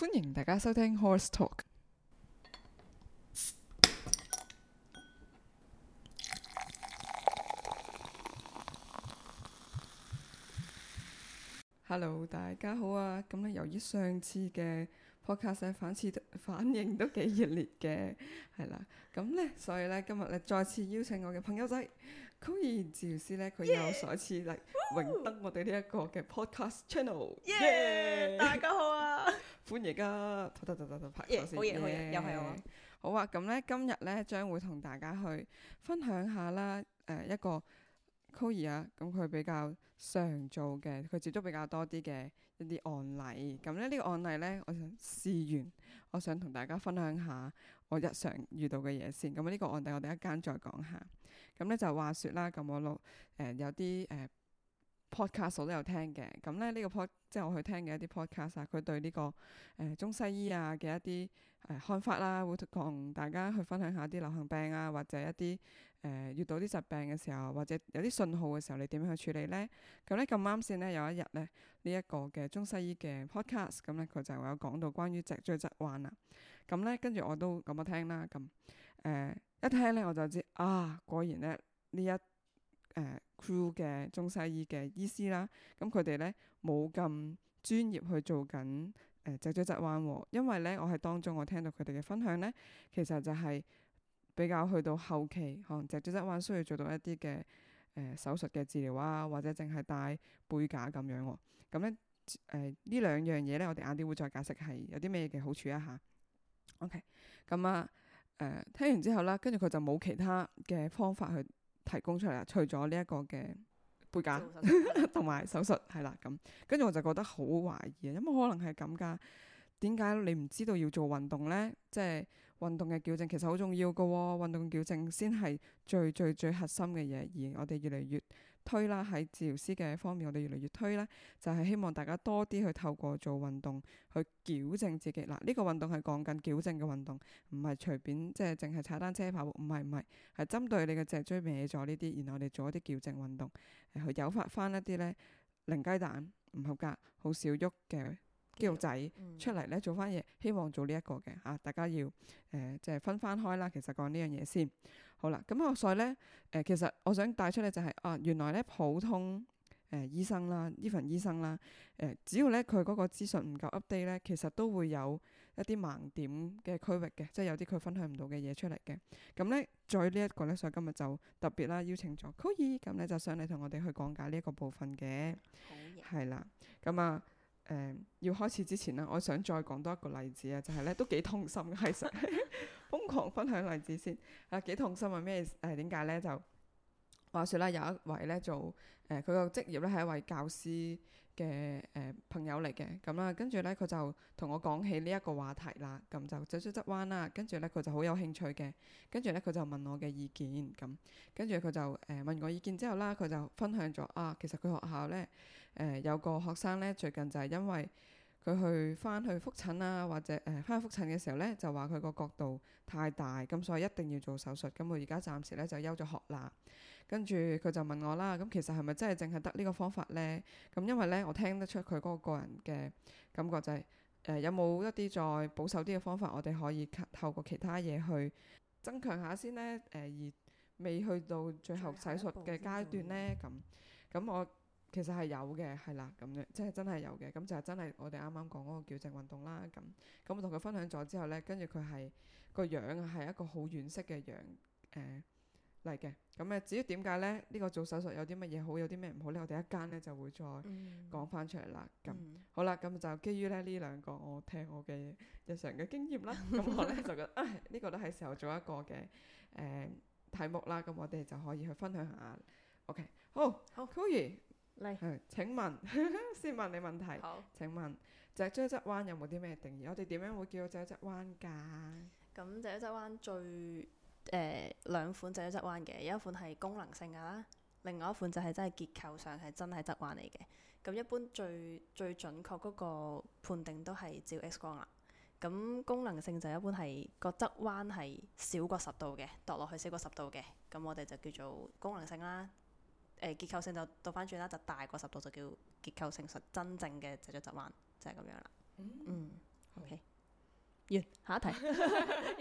歡迎大家收聽《Horis Talk》。Hello，大家好啊！咁咧，由於上次嘅 Podcast 反切反應都幾熱烈嘅，係啦，咁咧，所以咧今日咧再次邀請我嘅朋友仔 Chloe 物理治療師咧，佢又再次嚟榮登我哋呢一個嘅 Podcast Channel。耶！大家好啊！歡迎噶、啊，得得得好嘢好，好嘢，又係我。好啊，咁咧今日咧將會同大家去分享下啦，誒一個 Chloe 啊，咁佢比較常做嘅，佢接觸比較多啲嘅一啲案例。咁咧呢個案例咧，我想試完，我想同大家分享下我日常遇到嘅嘢先。咁、這、呢個案例我哋一間再講下。咁咧就話説啦，咁我錄誒有啲誒。呃呃呃呃呃呃 podcast 我都有聽嘅，咁咧呢、呢個 Pod，即係我去聽嘅一啲 podcast 啊、這個，佢對呢個誒中西醫啊嘅一啲誒、呃、看法啦，會同大家去分享一下啲流行病啊，或者一啲誒、呃、遇到啲疾病嘅時候，或者有啲信號嘅時候，你點樣去處理咧？咁咧咁啱先咧，有一日咧呢一、呢個嘅中西醫嘅 podcast，咁咧佢就有講到關於脊椎側彎啊，咁咧跟住我都咁樣聽啦，咁誒、呃、一聽咧我就知啊，果然咧呢一誒。呃 crew 嘅中西醫嘅醫師啦，咁佢哋咧冇咁專業去做緊誒脊椎側彎喎，因為咧我喺當中我聽到佢哋嘅分享咧，其實就係比較去到後期可能脊椎側彎需要做到一啲嘅誒手術嘅治療啊，或者淨係戴背架咁樣喎。咁咧誒呢兩樣嘢咧，我哋晏啲會再解釋係有啲咩嘅好處 okay, 啊。吓 OK，咁啊誒聽完之後啦，跟住佢就冇其他嘅方法去。提供出嚟，除咗呢一個嘅背架同埋手術，係啦咁，跟住我就覺得好懷疑，有冇可能係咁㗎？點解你唔知道要做運動呢？即係運動嘅矯正其實好重要嘅喎，運動矯正先係最最最最核心嘅嘢，而我哋越嚟越推啦喺治療師嘅方面，我哋越嚟越推啦，就係、是、希望大家多啲去透過做運動去矯正自己。嗱、啊，呢、這個運動係講緊矯正嘅運動，唔係隨便即係淨係踩單車跑步，唔係唔係，係針對你嘅脊椎歪咗呢啲，然後我哋做一啲矯正運動，係去誘發翻一啲咧零雞蛋唔合格、好少喐嘅肌肉仔出嚟咧做翻嘢。嗯、希望做呢一個嘅嚇、啊，大家要誒、呃、即係分翻開啦。其實講呢樣嘢先。好啦，咁啊，所以咧，誒、呃，其實我想帶出咧就係啊，原來咧普通誒、呃、醫生啦，呢份醫生啦，誒、呃，只要咧佢嗰個資訊唔夠 update 咧，其實都會有一啲盲點嘅區域嘅，即係有啲佢分享唔到嘅嘢出嚟嘅。咁、嗯、咧，再呢一個咧，所以今日就特別啦，邀請咗 Chloe 咁咧，就想嚟同我哋去講解呢一個部分嘅，係啦耶。咁啊，誒、嗯呃，要開始之前啦，我想再講多一個例子啊，就係、是、咧都幾痛心嘅，其實。瘋狂分享例子先，啊幾痛心啊咩？誒點解呢？就話説啦，有一位呢做誒佢個職業呢係一位教師嘅誒、呃、朋友嚟嘅，咁啦，跟住呢，佢就同我講起呢一個話題啦，咁就左左側彎啦，跟住呢，佢就好有興趣嘅，跟住呢，佢就問我嘅意見，咁跟住佢就誒、呃、問我意見之後啦，佢就分享咗啊，其實佢學校呢，誒、呃、有個學生呢，最近就係因為。佢去翻去覆診啊，或者誒翻去覆診嘅時候呢，就話佢個角度太大，咁所以一定要做手術。咁我而家暫時呢，就休咗學啦。跟住佢就問我啦，咁其實係咪真係淨係得呢個方法呢？咁因為呢，我聽得出佢嗰個個人嘅感覺就係、是、誒、呃、有冇一啲再保守啲嘅方法，我哋可以透過其他嘢去增強下先呢？誒而未去到最後洗術嘅階段呢，咁咁我。其實係有嘅，係啦，咁樣即係真係有嘅，咁就係真係我哋啱啱講嗰個矯正運動啦，咁咁我同佢分享咗之後呢，跟住佢係個樣係一個好軟式嘅樣誒嚟嘅，咁、呃、誒至於點解呢？呢、呢個做手術有啲乜嘢好，有啲咩唔好呢？我哋一間呢就會再講翻出嚟啦，咁好啦，咁就基於咧呢兩個我聽我嘅日常嘅經驗啦，咁 我呢，就覺得呢、哎呢個都係時候做一個嘅誒、呃、題目啦，咁我哋就可以去分享下，OK，好，好，Chloe。嚟，來請問 先問你問題。好，請問脊椎側彎有冇啲咩定義？我哋點樣會叫脊椎側彎㗎？咁、嗯脊，呃、脊椎側彎最誒兩款脊椎側彎嘅，有一款係功能性㗎啦，另外一款就係真係結構上係真係側彎嚟嘅。咁一般最最準確嗰個判定都係照 X 光啦。咁功能性就一般係個側彎係少過十度嘅，墮落去少過十度嘅，咁我哋就叫做功能性啦。誒結構性就倒翻轉啦，就大過十度就叫結構性。實，真正嘅脊椎疾患，就係咁樣啦。嗯，OK，完，下一題，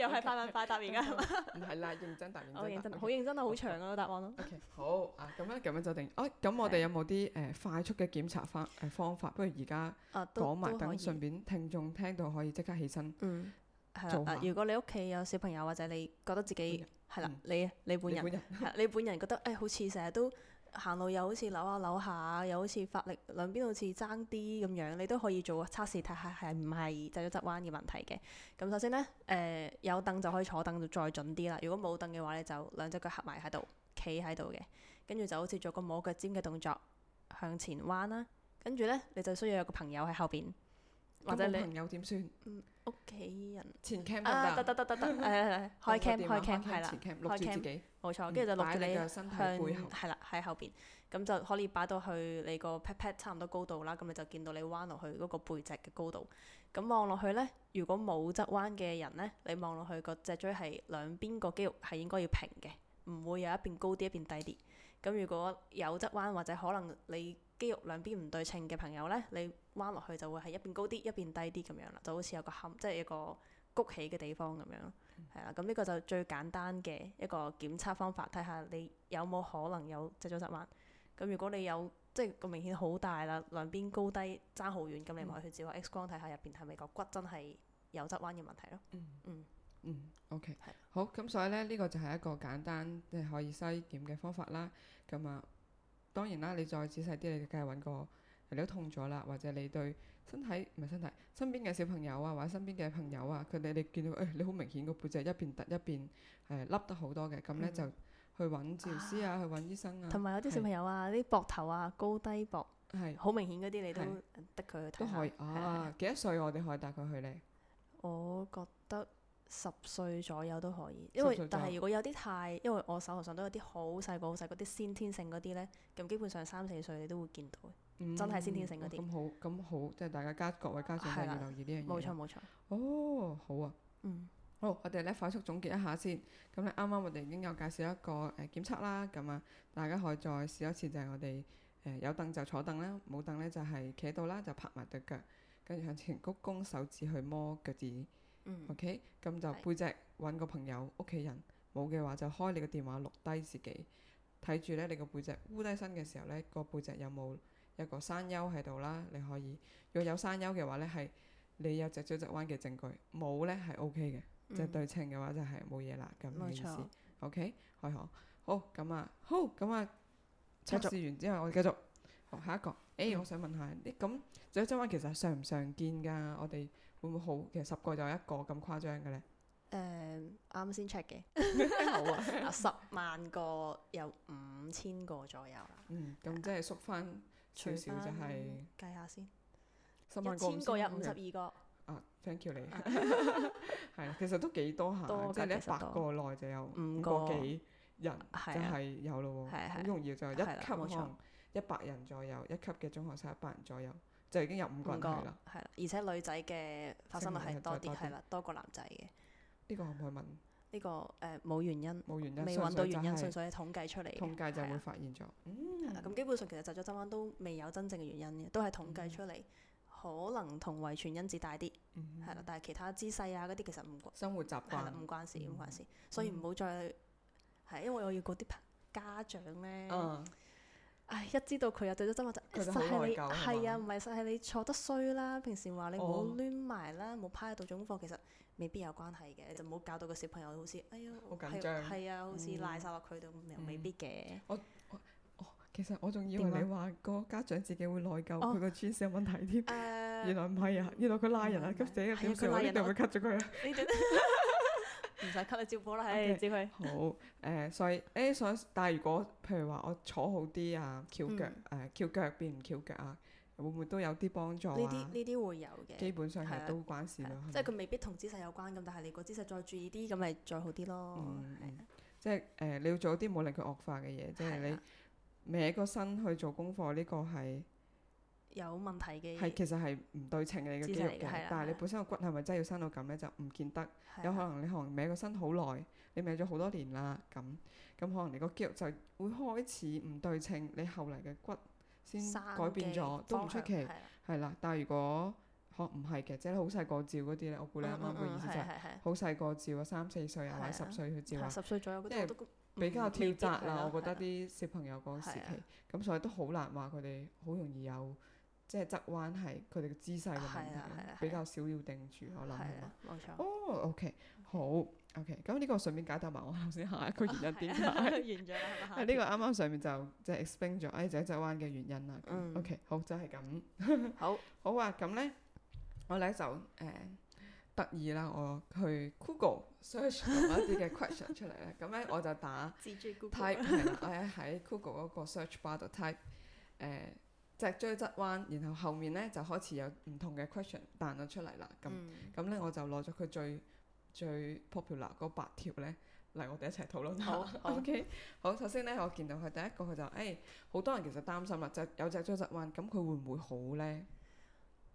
又係快問快答而家係嘛？唔係啦，認真答，認真好認真啊，好長啊個答案咯。OK，好啊，咁樣咁樣就定。哦，咁我哋有冇啲誒快速嘅檢查方誒方法？不如而家講埋，等順便聽眾聽到可以即刻起身。嗯，係啦。如果你屋企有小朋友，或者你覺得自己係啦，你你本人你本人覺得誒，好似成日都～行路又好似扭下扭下，又好似發力兩邊好似爭啲咁樣，你都可以做個測試睇下，係唔係就咗側彎嘅問題嘅。咁首先呢，誒、呃、有凳就可以坐凳就再準啲啦。如果冇凳嘅話你就兩隻腳合埋喺度，企喺度嘅，跟住就好似做個摸腳尖嘅動作向前彎啦。跟住呢，你就需要有個朋友喺後邊。或者你朋友點算？屋企、嗯、人前 cam 得得得得得得，誒誒誒， 開 cam 開 cam 係啦，開 cam。冇錯，跟住、嗯、就錄住你。擺你嘅身向係啦，喺後邊，咁就可以擺到去你個 pat pat 差唔多高度啦。咁你就見到你彎落去嗰個背脊嘅高度。咁望落去咧，如果冇側彎嘅人咧，你望落去個脊椎係兩邊個肌肉係應該要平嘅，唔會有一邊高啲一,一邊低啲。咁如果有側彎或者可能你肌肉兩邊唔對稱嘅朋友咧，你彎落去就會係一邊高啲一,一邊低啲咁樣啦，就好似有個坎，即係一個谷、就是、起嘅地方咁樣。係啦、嗯，咁呢個就最簡單嘅一個檢測方法，睇下你有冇可能有脊椎側彎。咁如果你有，即係個明顯好大啦，兩邊高低爭好遠，咁、嗯、你咪去照下 X 光睇下入邊係咪個骨真係有側彎嘅問題咯。嗯嗯 OK 係好咁，所以咧呢、呢個就係一個簡單即係可以篩檢嘅方法啦。咁啊，當然啦，你再仔細啲，你梗係揾個。你都痛咗啦，或者你對身體唔係身體身邊嘅小朋友啊，或者身邊嘅朋友啊，佢哋你見到誒你好明顯個背脊一邊凸一邊誒凹得好多嘅，咁咧就去揾治療師啊，去揾醫生啊。同埋有啲小朋友啊，啲膊頭啊高低膊係好明顯嗰啲，你都得佢去睇。都可以啊！幾多歲我哋可以帶佢去咧？我覺得十歲左右都可以，因為但係如果有啲太，因為我手頭上都有啲好細個、好細嗰啲先天性嗰啲呢，咁基本上三四歲你都會見到。嗯、真係先天性嗰啲咁好咁好，即係大家家各位家長都，啊、要留意呢樣嘢。冇錯冇錯。哦，oh, 好啊。嗯、好，我哋呢快速總結一下先。咁咧，啱啱我哋已經有介紹一個誒檢測啦。咁啊，大家可以再試一次，就係、是，我哋有凳就坐凳啦，冇凳呢就係企到啦，就拍埋對腳，跟住向前鞠躬，手指去摸腳趾。O K. 咁就背脊揾個朋友、屋企人，冇嘅話就開你個電話錄低自己睇住呢，你個背脊烏低身嘅時候呢，個背脊有冇？有一個山丘喺度啦，你可以，如果有山丘嘅話咧，係你有側彎嘅證據，冇咧係 O K 嘅，OK 嗯、即係對稱嘅話就係冇嘢啦，咁意思，O K，開學，好咁啊，好咁啊，測試完之後我哋繼續好，下一個，哎、欸，我想問下，啲咁側彎其實常唔常見㗎？我哋會唔會好，其實十個就有一個咁誇張嘅咧？誒、呃，啱先 check 嘅，好啊，十萬個有五千個左右啦，嗯，咁即係縮翻。最少就係計下先，一千個有五十二個。啊，thank you 你係其實都幾多下，即係你一百個內就有五個幾人就係有咯，好容易就一級從一百人左右，一級嘅中學生一百人左右就已經有五個人啦，係啦，而且女仔嘅發生率係多啲，係啦，多過男仔嘅。呢個可唔可以問？呢個誒冇原因，未揾到原因，純粹係統計出嚟。統計就會發現咗。嗯。咁基本上其實脊椎側彎都未有真正嘅原因嘅，都係統計出嚟，可能同遺傳因子大啲。嗯。係啦，但係其他姿勢啊嗰啲其實唔。生活習慣。係啦，唔關事，唔關事。所以唔好再係，因為我要嗰啲家長咧。唉，一知道佢又對咗針我就，係你係啊，唔係實係你坐得衰啦。平時話你冇攣埋啦，冇趴喺度做功課，其實未必有關係嘅，就冇搞到個小朋友好似，哎呀，係啊，啊，好似賴晒落佢度，又未必嘅。我我哦，其實我仲以為你話個家長自己會內疚，佢個 gene 有問題添。原來唔係啊，原來佢拉人啊，咁這一條時候一定會 cut 咗佢啊。唔使畀你照顧啦，係好，誒，所以，誒，所以，但係如果，譬如話，我坐好啲啊，翹腳，誒，翹腳變唔翹腳啊，會唔會都有啲幫助？呢啲呢啲會有嘅，基本上係都關事咯。即係佢未必同姿勢有關，咁但係你個姿勢再注意啲，咁咪再好啲咯。嗯，即係誒，你要做啲，冇令佢惡化嘅嘢，即係你歪個身去做功課，呢個係。有問題嘅係其實係唔對稱嘅你嘅肌肉嘅，但係你本身個骨係咪真係要生到咁咧？就唔見得，有可能你可能歪個身好耐，你歪咗好多年啦，咁咁可能你個肌肉就會開始唔對稱，你後嚟嘅骨先改變咗，都唔出奇，係啦。但係如果可唔係嘅，即係好細個照嗰啲咧，我估你啱啱嘅意思就係好細個照啊，三四歲啊，或者十歲去照啊，十歲左右，即係比較跳紮啦。我覺得啲小朋友個時期咁，所以都好難話佢哋好容易有。即係側彎係佢哋嘅姿勢嘅問題，比較少要定住我諗。冇錯。哦，OK，好，OK，咁呢個順便解答埋我頭先下一個原因點解。呢個啱啱上面就即係 explain 咗誒仔側彎嘅原因啦。嗯。OK，好就係咁。好，好啊，咁咧我咧就誒得意啦，我去 Google search 同一啲嘅 question 出嚟咧，咁咧我就打 type，我喺喺 Google 嗰個 search bar 度 type 誒。脊椎側彎，然後後面咧就開始有唔同嘅 question 彈咗出嚟啦。咁咁咧我就攞咗佢最最 popular 嗰八條咧嚟我哋一齊討論下。OK，好，首先咧我見到佢第一個佢就誒、哎，好多人其實擔心啦，就有脊椎側彎，咁佢會唔會好咧？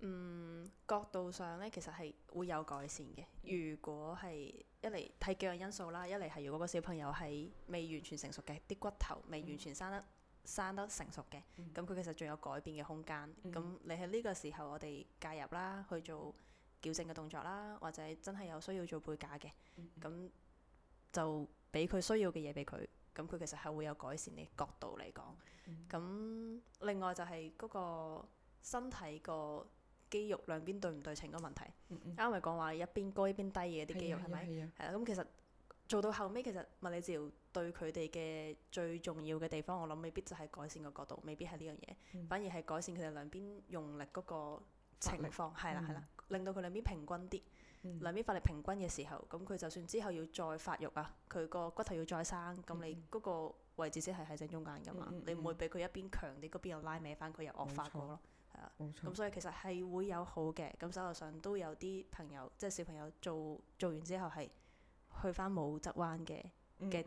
嗯，角度上咧其實係會有改善嘅。如果係一嚟睇幾樣因素啦，一嚟係如果個小朋友係未完全成熟嘅，啲骨頭未完全生得。嗯生得成熟嘅，咁佢、嗯、其實仲有改變嘅空間。咁、嗯、你喺呢個時候，我哋介入啦，去做矯正嘅動作啦，或者真係有需要做背架嘅，咁、嗯嗯、就俾佢需要嘅嘢俾佢。咁佢其實係會有改善嘅角度嚟講。咁、嗯、另外就係嗰個身體個肌肉兩邊對唔對稱嘅問題。啱咪講話一邊高一邊低嘅啲肌肉係咪？係啦呀，咁嗎其實。做到後尾其實物理治療對佢哋嘅最重要嘅地方，我諗未必就係改善個角度，未必係呢樣嘢，嗯、反而係改善佢哋兩邊用力嗰個情況，係啦係啦，了嗯、令到佢兩邊平均啲，嗯、兩邊發力平均嘅時候，咁佢就算之後要再發育啊，佢個骨頭要再生，咁、嗯、你嗰個位置先係喺正中間噶嘛，嗯嗯嗯，你唔會俾佢一邊強啲，嗰邊又拉歪翻，佢又惡化過咯，係啊，咁所以其實係會有好嘅，咁手頭上都有啲朋友即係小朋友做做完之後係。去翻冇側彎嘅嘅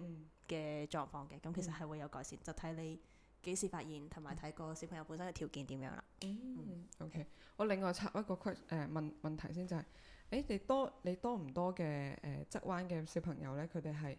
嘅狀況嘅，咁其實係會有改善，就睇你幾時發現，同埋睇個小朋友本身嘅條件點樣啦。嗯，OK，我另外插一個 question，誒問問題先就係，誒你多你多唔多嘅誒側彎嘅小朋友咧？佢哋係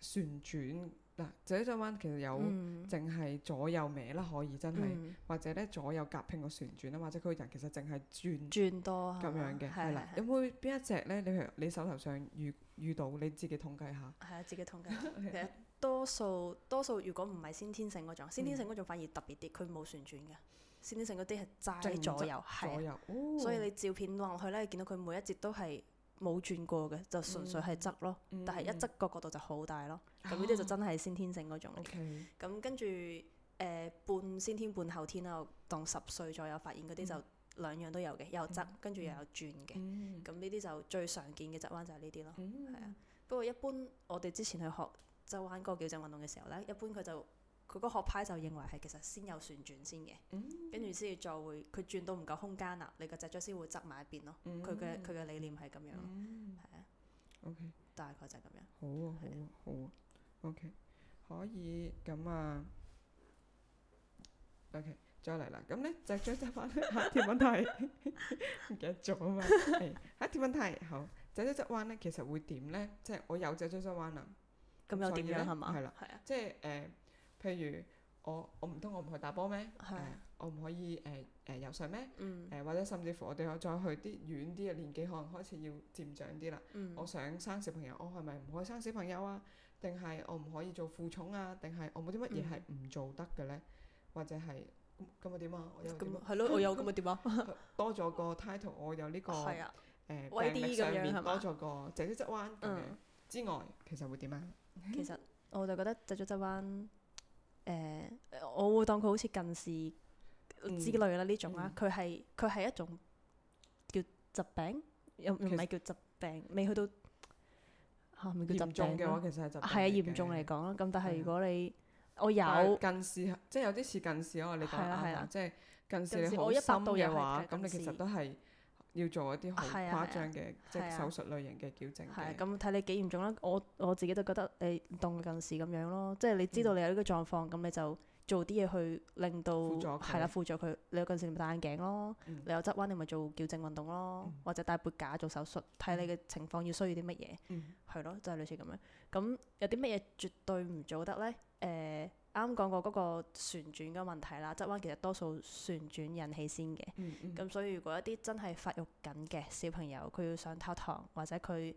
旋轉嗱，就呢種彎其實有淨係左右歪啦，可以真係，或者咧左右夾拼個旋轉啊，或者佢個人其實淨係轉轉多咁樣嘅，係啦。有冇邊一隻咧？你譬如你手頭上如遇到你自己統計下，係啊，自己統計下。其實多數多數，如果唔係先天性嗰種，先天性嗰種反而特別啲，佢冇旋轉嘅。先天性嗰啲係齋左右，係，所以你照片望落去咧，你見到佢每一節都係冇轉過嘅，就純粹係側咯。嗯嗯、但係一側個角，角度就好大咯。咁呢啲就真係先天性嗰種。咁、哦 okay、跟住誒、呃、半先天半後天啦，當十歲左右發現嗰啲就。嗯兩樣都有嘅，有側、嗯、跟住又有轉嘅，咁呢啲就最常見嘅側彎就係呢啲咯，係、嗯、啊。不過一般我哋之前去學側彎嗰個矯正運動嘅時候咧，一般佢就佢嗰個學派就認為係其實先有旋轉先嘅，嗯、跟住先至再會佢轉到唔夠空間啦，你個脊椎先會側埋一邊咯。佢嘅佢嘅理念係咁樣，係、嗯、啊。O okay , K，大概就係咁樣。好啊，好啊，好啊。O、okay, K，可以咁啊。O K。再嚟啦，咁咧脊椎側彎咧下？一條問題唔記得咗啊嘛？下一條問題，好脊椎側彎咧，其實會點咧？即係我有脊椎側彎啦，咁又點樣係嘛？係啦，即係誒、呃，譬如我我唔通我唔去打波咩？係我唔可以誒誒是、啊呃呃呃、游水咩？嗯、呃，或者甚至乎我哋可再去啲遠啲嘅年紀，可能開始要漸長啲啦。嗯、我想生小朋友，我係咪唔可以生小朋友啊？定係我唔可以做負重啊？定係我冇啲乜嘢係唔做得嘅咧？嗯、或者係？咁咁咪點啊？咁係咯，我有咁咪點啊？多咗個 title，我有呢個誒病歷上面多咗個脊椎側彎之外，其實會點啊？其實我就覺得脊椎側彎誒，我會當佢好似近視之類啦呢種啦。佢係佢係一種叫疾病，又唔係叫疾病，未去到嚇，係咪叫疾病？嚴重嘅話，其實係疾病。係啊，嚴重嚟講啦。咁但係如果你我有近視，即係有啲似近視咯。啊啊、你戴眼鏡，即係近視你好深嘅話，咁你其實都係要做一啲好誇張嘅，啊啊、即係手術類型嘅矯正嘅。咁睇、啊啊啊啊、你幾嚴重啦。我我自己都覺得你唔動近視咁樣咯。即係你知道你有呢個狀況，咁、嗯、你就。做啲嘢去令到係啦，輔助佢、啊。你有近視咪戴眼鏡咯，嗯、你有側彎你咪做矯正運動咯，嗯、或者戴背架做手術，睇你嘅情況要需要啲乜嘢，係咯、嗯，就係、是、類似咁樣。咁有啲乜嘢絕對唔做得呢？誒、呃，啱講過嗰個旋轉嘅問題啦，側彎其實多數旋轉引起先嘅。咁、嗯嗯、所以如果一啲真係發育緊嘅小朋友，佢要上課堂或者佢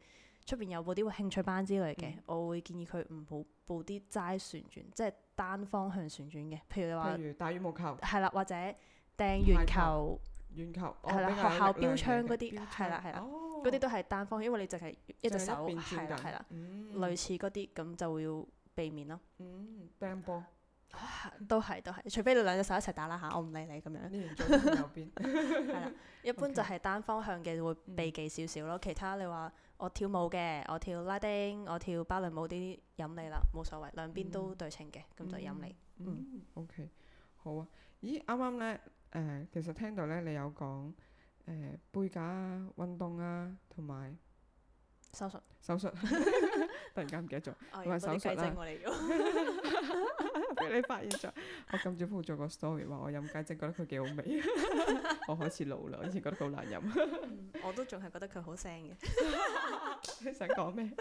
出邊有報啲興趣班之類嘅，嗯、我會建議佢唔好報啲齋旋轉，即係。單方向旋轉嘅，譬如你話打羽毛球，係啦，或者掟鉛球、鉛球，係啦，哦、了學校標槍嗰啲，係啦槍，係啦，嗰啲、哦、都係單方向，因為你淨係一隻手，係啦，係啦，嗯、類似嗰啲咁就會要避免咯。嗯，乒乓。啊、都係都係，除非你兩隻手一齊打啦嚇、啊，我唔理你咁樣。你連左邊右邊，係啦。一般就係單方向嘅會避忌少少咯。嗯、其他你話我跳舞嘅，我跳拉丁，我跳芭蕾舞啲飲你啦，冇所謂，兩邊都對稱嘅咁就飲你。嗯、嗯，OK，好啊。咦，啱啱咧誒，其實聽到咧你有講誒、呃、背架運、啊、動啊，同埋。手術，手術，突然間唔記得咗，唔係手術啦。俾你發現咗，我今朝鋪咗個 story 話我飲雞精覺得佢幾好味，我開始老啦，以前覺得好難飲。我都仲係覺得佢好腥嘅。你想講咩？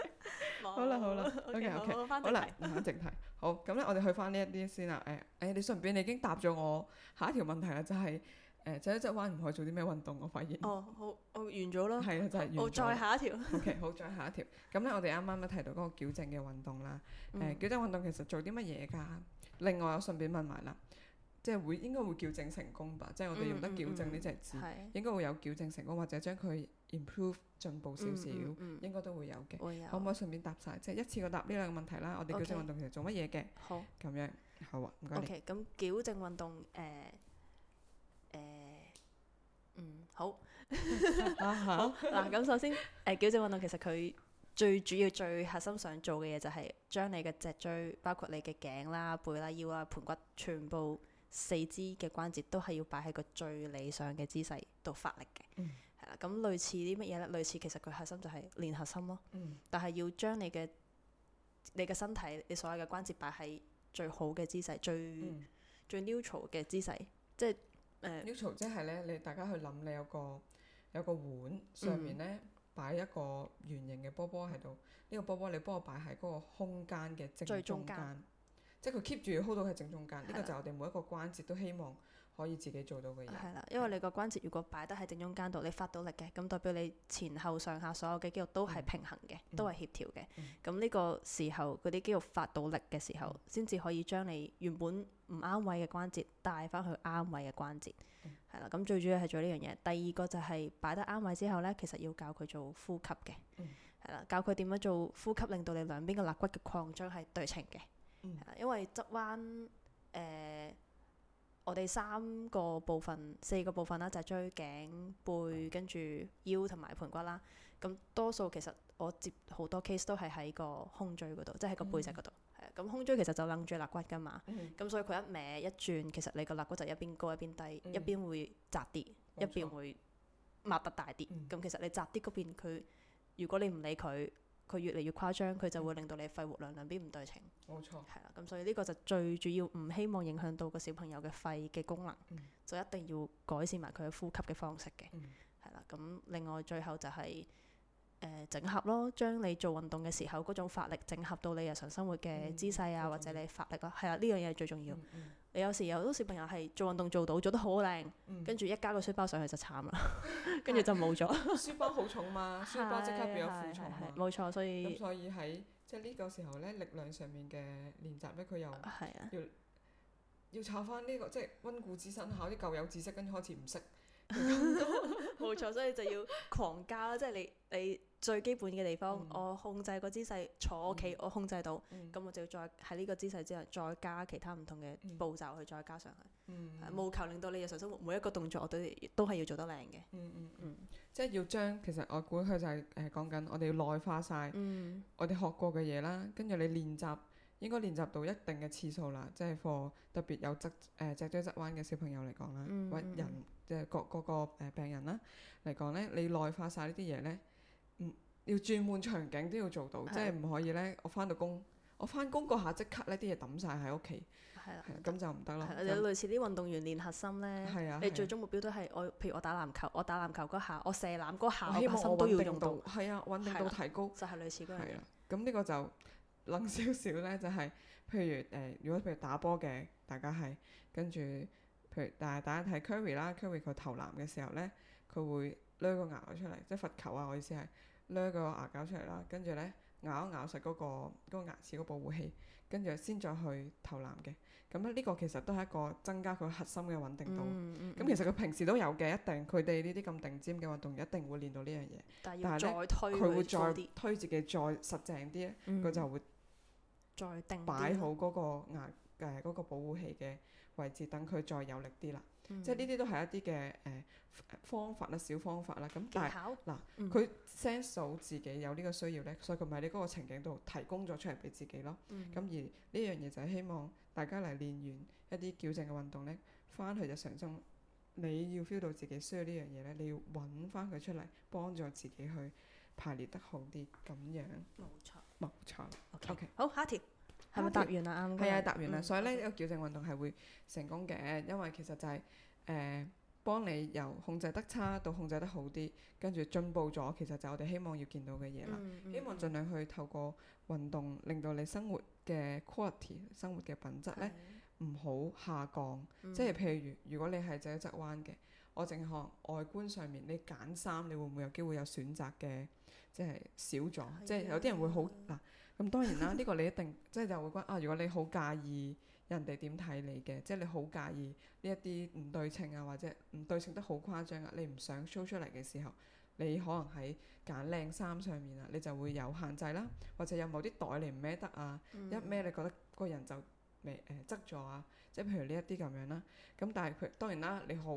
好啦好啦，OK OK，好啦，唔好正題好，咁咧我哋去返呢一啲先啦。誒誒，你順便你已經答咗我下一條問題啦，就係。誒，脊椎側彎唔可以做啲咩運動？我發現。哦，好，我完咗咯。係啊，就係完咗。再下一條。O K，好，再下一條。咁咧，我哋啱啱咧提到嗰個矯正嘅運動啦。誒，矯正運動其實做啲乜嘢噶？另外，我順便問埋啦，即係會應該會矯正成功吧？即係我哋用得矯正呢隻字，應該會有矯正成功，或者將佢 improve 進步少少，應該都會有嘅。會有。可唔可以順便答晒？即係一次過答呢兩個問題啦。我哋矯正運動其實做乜嘢嘅？好。咁樣，好啊，唔該。OK，咁矯正運動誒。 好，嗱，咁首先，誒，矯正運動其實佢最主要、最核心想做嘅嘢，就係將你嘅脊椎，包括你嘅頸啦、背啦、腰啦、盆骨，全部四肢嘅關節，都係要擺喺個最理想嘅姿勢度發力嘅。嗯，係啦，咁類似啲乜嘢咧？類似其實佢核心就係練核心咯。嗯、但係要將你嘅你嘅身體，你所有嘅關節擺喺最好嘅姿勢，最、嗯、最 neutral 嘅姿勢，即係。呢條、uh, 即係咧，你大家去諗，你有個有個碗上面咧擺一個圓形嘅波波喺度，呢、嗯、個波波你幫我擺喺嗰個空間嘅正中間，中間即係佢 keep 住 hold 到喺正中間。呢 個就係我哋每一個關節都希望，可以自己做到嘅嘢係啦，因為你個關節如果擺得喺正中間度，你發到力嘅，咁代表你前後上下所有嘅肌肉都係平衡嘅，嗯、都係協調嘅。咁呢、嗯、個時候嗰啲肌肉發到力嘅時候，先至、嗯、可以將你原本唔啱位嘅關節帶翻去啱位嘅關節，係啦、嗯。咁最主要係做呢樣嘢。第二個就係擺得啱位之後呢，其實要教佢做呼吸嘅，係啦、嗯，教佢點樣做呼吸，令到你兩邊嘅肋骨嘅擴張係對稱嘅，嗯、因為側彎誒。呃我哋三個部分、四個部分啦，就係、是、椎頸背跟住腰同埋盤骨啦。咁多數其實我接好多 case 都係喺個胸椎嗰度，嗯、即係喺個背脊嗰度。係咁、嗯、胸椎其實就揞住肋骨㗎嘛。咁、嗯、所以佢一歪一轉，其實你個肋骨就一邊高一邊低，嗯、一邊會窄啲，沒錯 一邊會擘得大啲。咁、嗯、其實你窄啲嗰邊，佢如果你唔理佢。佢越嚟越誇張，佢就會令到你肺活量兩邊唔對稱。冇錯、嗯。係啦，咁所以呢個就最主要唔希望影響到個小朋友嘅肺嘅功能，嗯、就一定要改善埋佢嘅呼吸嘅方式嘅。係啦、嗯，咁另外最後就係、是呃、整合咯，將你做運動嘅時候嗰種發力整合到你日常生活嘅姿勢啊，嗯、或者你發力咯，係啊，呢樣嘢係最重要。嗯嗯嗯你有時有好多小朋友係做運動做到，做得好靚，跟住、嗯、一加個書包上去就慘啦，跟住 就冇咗。書包好重嘛，書 包即刻變有負重嘛，冇 錯，所以咁所以喺即係呢個時候咧，力量上面嘅練習咧，佢又要對、啊、要查翻呢個即係溫故知新，考啲舊有知識，跟住開始唔識。冇錯 麼多， 所以就要狂加啦。即係 你，你最基本嘅地方，嗯、我控制個姿勢坐企，我控制到，咁、嗯、我就要再喺呢個姿勢之後，再加其他唔同嘅步驟去、嗯、再加上去。嗯，務求令到你日常生活每一個動作，我哋都係要做得靚嘅、嗯嗯嗯嗯。即係要將其實我估佢就係誒講緊，呃、我哋要內化晒，嗯、我哋學過嘅嘢啦，跟住你練習。應該練習到一定嘅次數啦，即係 for 特別有側誒脊椎側彎嘅小朋友嚟講啦，或人即係各嗰個病人啦嚟講咧，你內化晒呢啲嘢咧，嗯，要轉換場景都要做到，即係唔可以咧，我翻到工，我翻工嗰下即刻呢啲嘢抌晒喺屋企，係咁就唔得咯。就類似啲運動員練核心咧，係啊，你最終目標都係我，譬如我打籃球，我打籃球嗰下，我射籃嗰下，我希望都要用到，係啊，穩定度提高，就係類似嗰樣。咁呢個就冷少少咧，就係、是、譬如誒、呃，如果譬如打波嘅，大家係跟住，譬如但大家睇 Curry 啦，Curry 佢投籃嘅時候咧，佢會掠個牙出嚟，即係罰球啊！我意思係掠個牙膠出嚟啦，跟住咧咬一咬實嗰、那個那個牙齒嗰個保護器，跟住先再去投籃嘅。咁咧呢個其實都係一個增加佢核心嘅穩定度。咁、嗯嗯嗯、其實佢平時都有嘅，一定佢哋呢啲咁頂尖嘅運動員，一定會練到呢樣嘢。但係咧，佢會再推自己再實淨啲，佢就會。嗯嗯再擺好嗰個牙誒嗰、呃嗰個、保護器嘅位置，等佢再有力啲啦。嗯、即係呢啲都係一啲嘅誒方法啦、小方法啦。咁但係嗱，佢、嗯、sense 自己有呢個需要咧，所以佢喺呢個情景度提供咗出嚟俾自己咯。咁、嗯、而呢樣嘢就係希望大家嚟練完一啲矯正嘅運動咧，翻去日常中你要 feel 到自己需要呢樣嘢咧，你要揾翻佢出嚟，幫助自己去排列得好啲咁樣。冇、嗯、錯。冇錯，OK，, okay. 好，下一題，係咪題答完啦？啱嘅題，係啊，答完啦。嗯、所以呢個矯正運動係會成功嘅，嗯 okay. 因為其實就係、是、誒、呃、幫你由控制得差到控制得好啲，跟住進步咗，其實就係我哋希望要見到嘅嘢啦。嗯嗯、希望盡量去透過運動令到你生活嘅 quality、生活嘅品質呢唔好、嗯、下降。嗯、即係譬如，如果你係左側彎嘅，我淨係看外觀上面，你揀衫，你會唔會有機會有選擇嘅？即係少咗，的即係有啲人會好嗱。咁的、啊、當然啦，呢 個你一定即係就會覺得啊。如果你好介意人哋點睇你嘅，即係你好介意呢一啲唔對稱啊，或者唔對稱得好誇張啊，你唔想 show 出嚟嘅時候，你可能喺揀靚衫上面啊，你就會有限制啦，或者有某啲袋嚟唔孭得啊，嗯、一孭，你覺得個人就未誒側咗啊，即係譬如呢一啲咁樣啦。咁但係佢當然啦，你好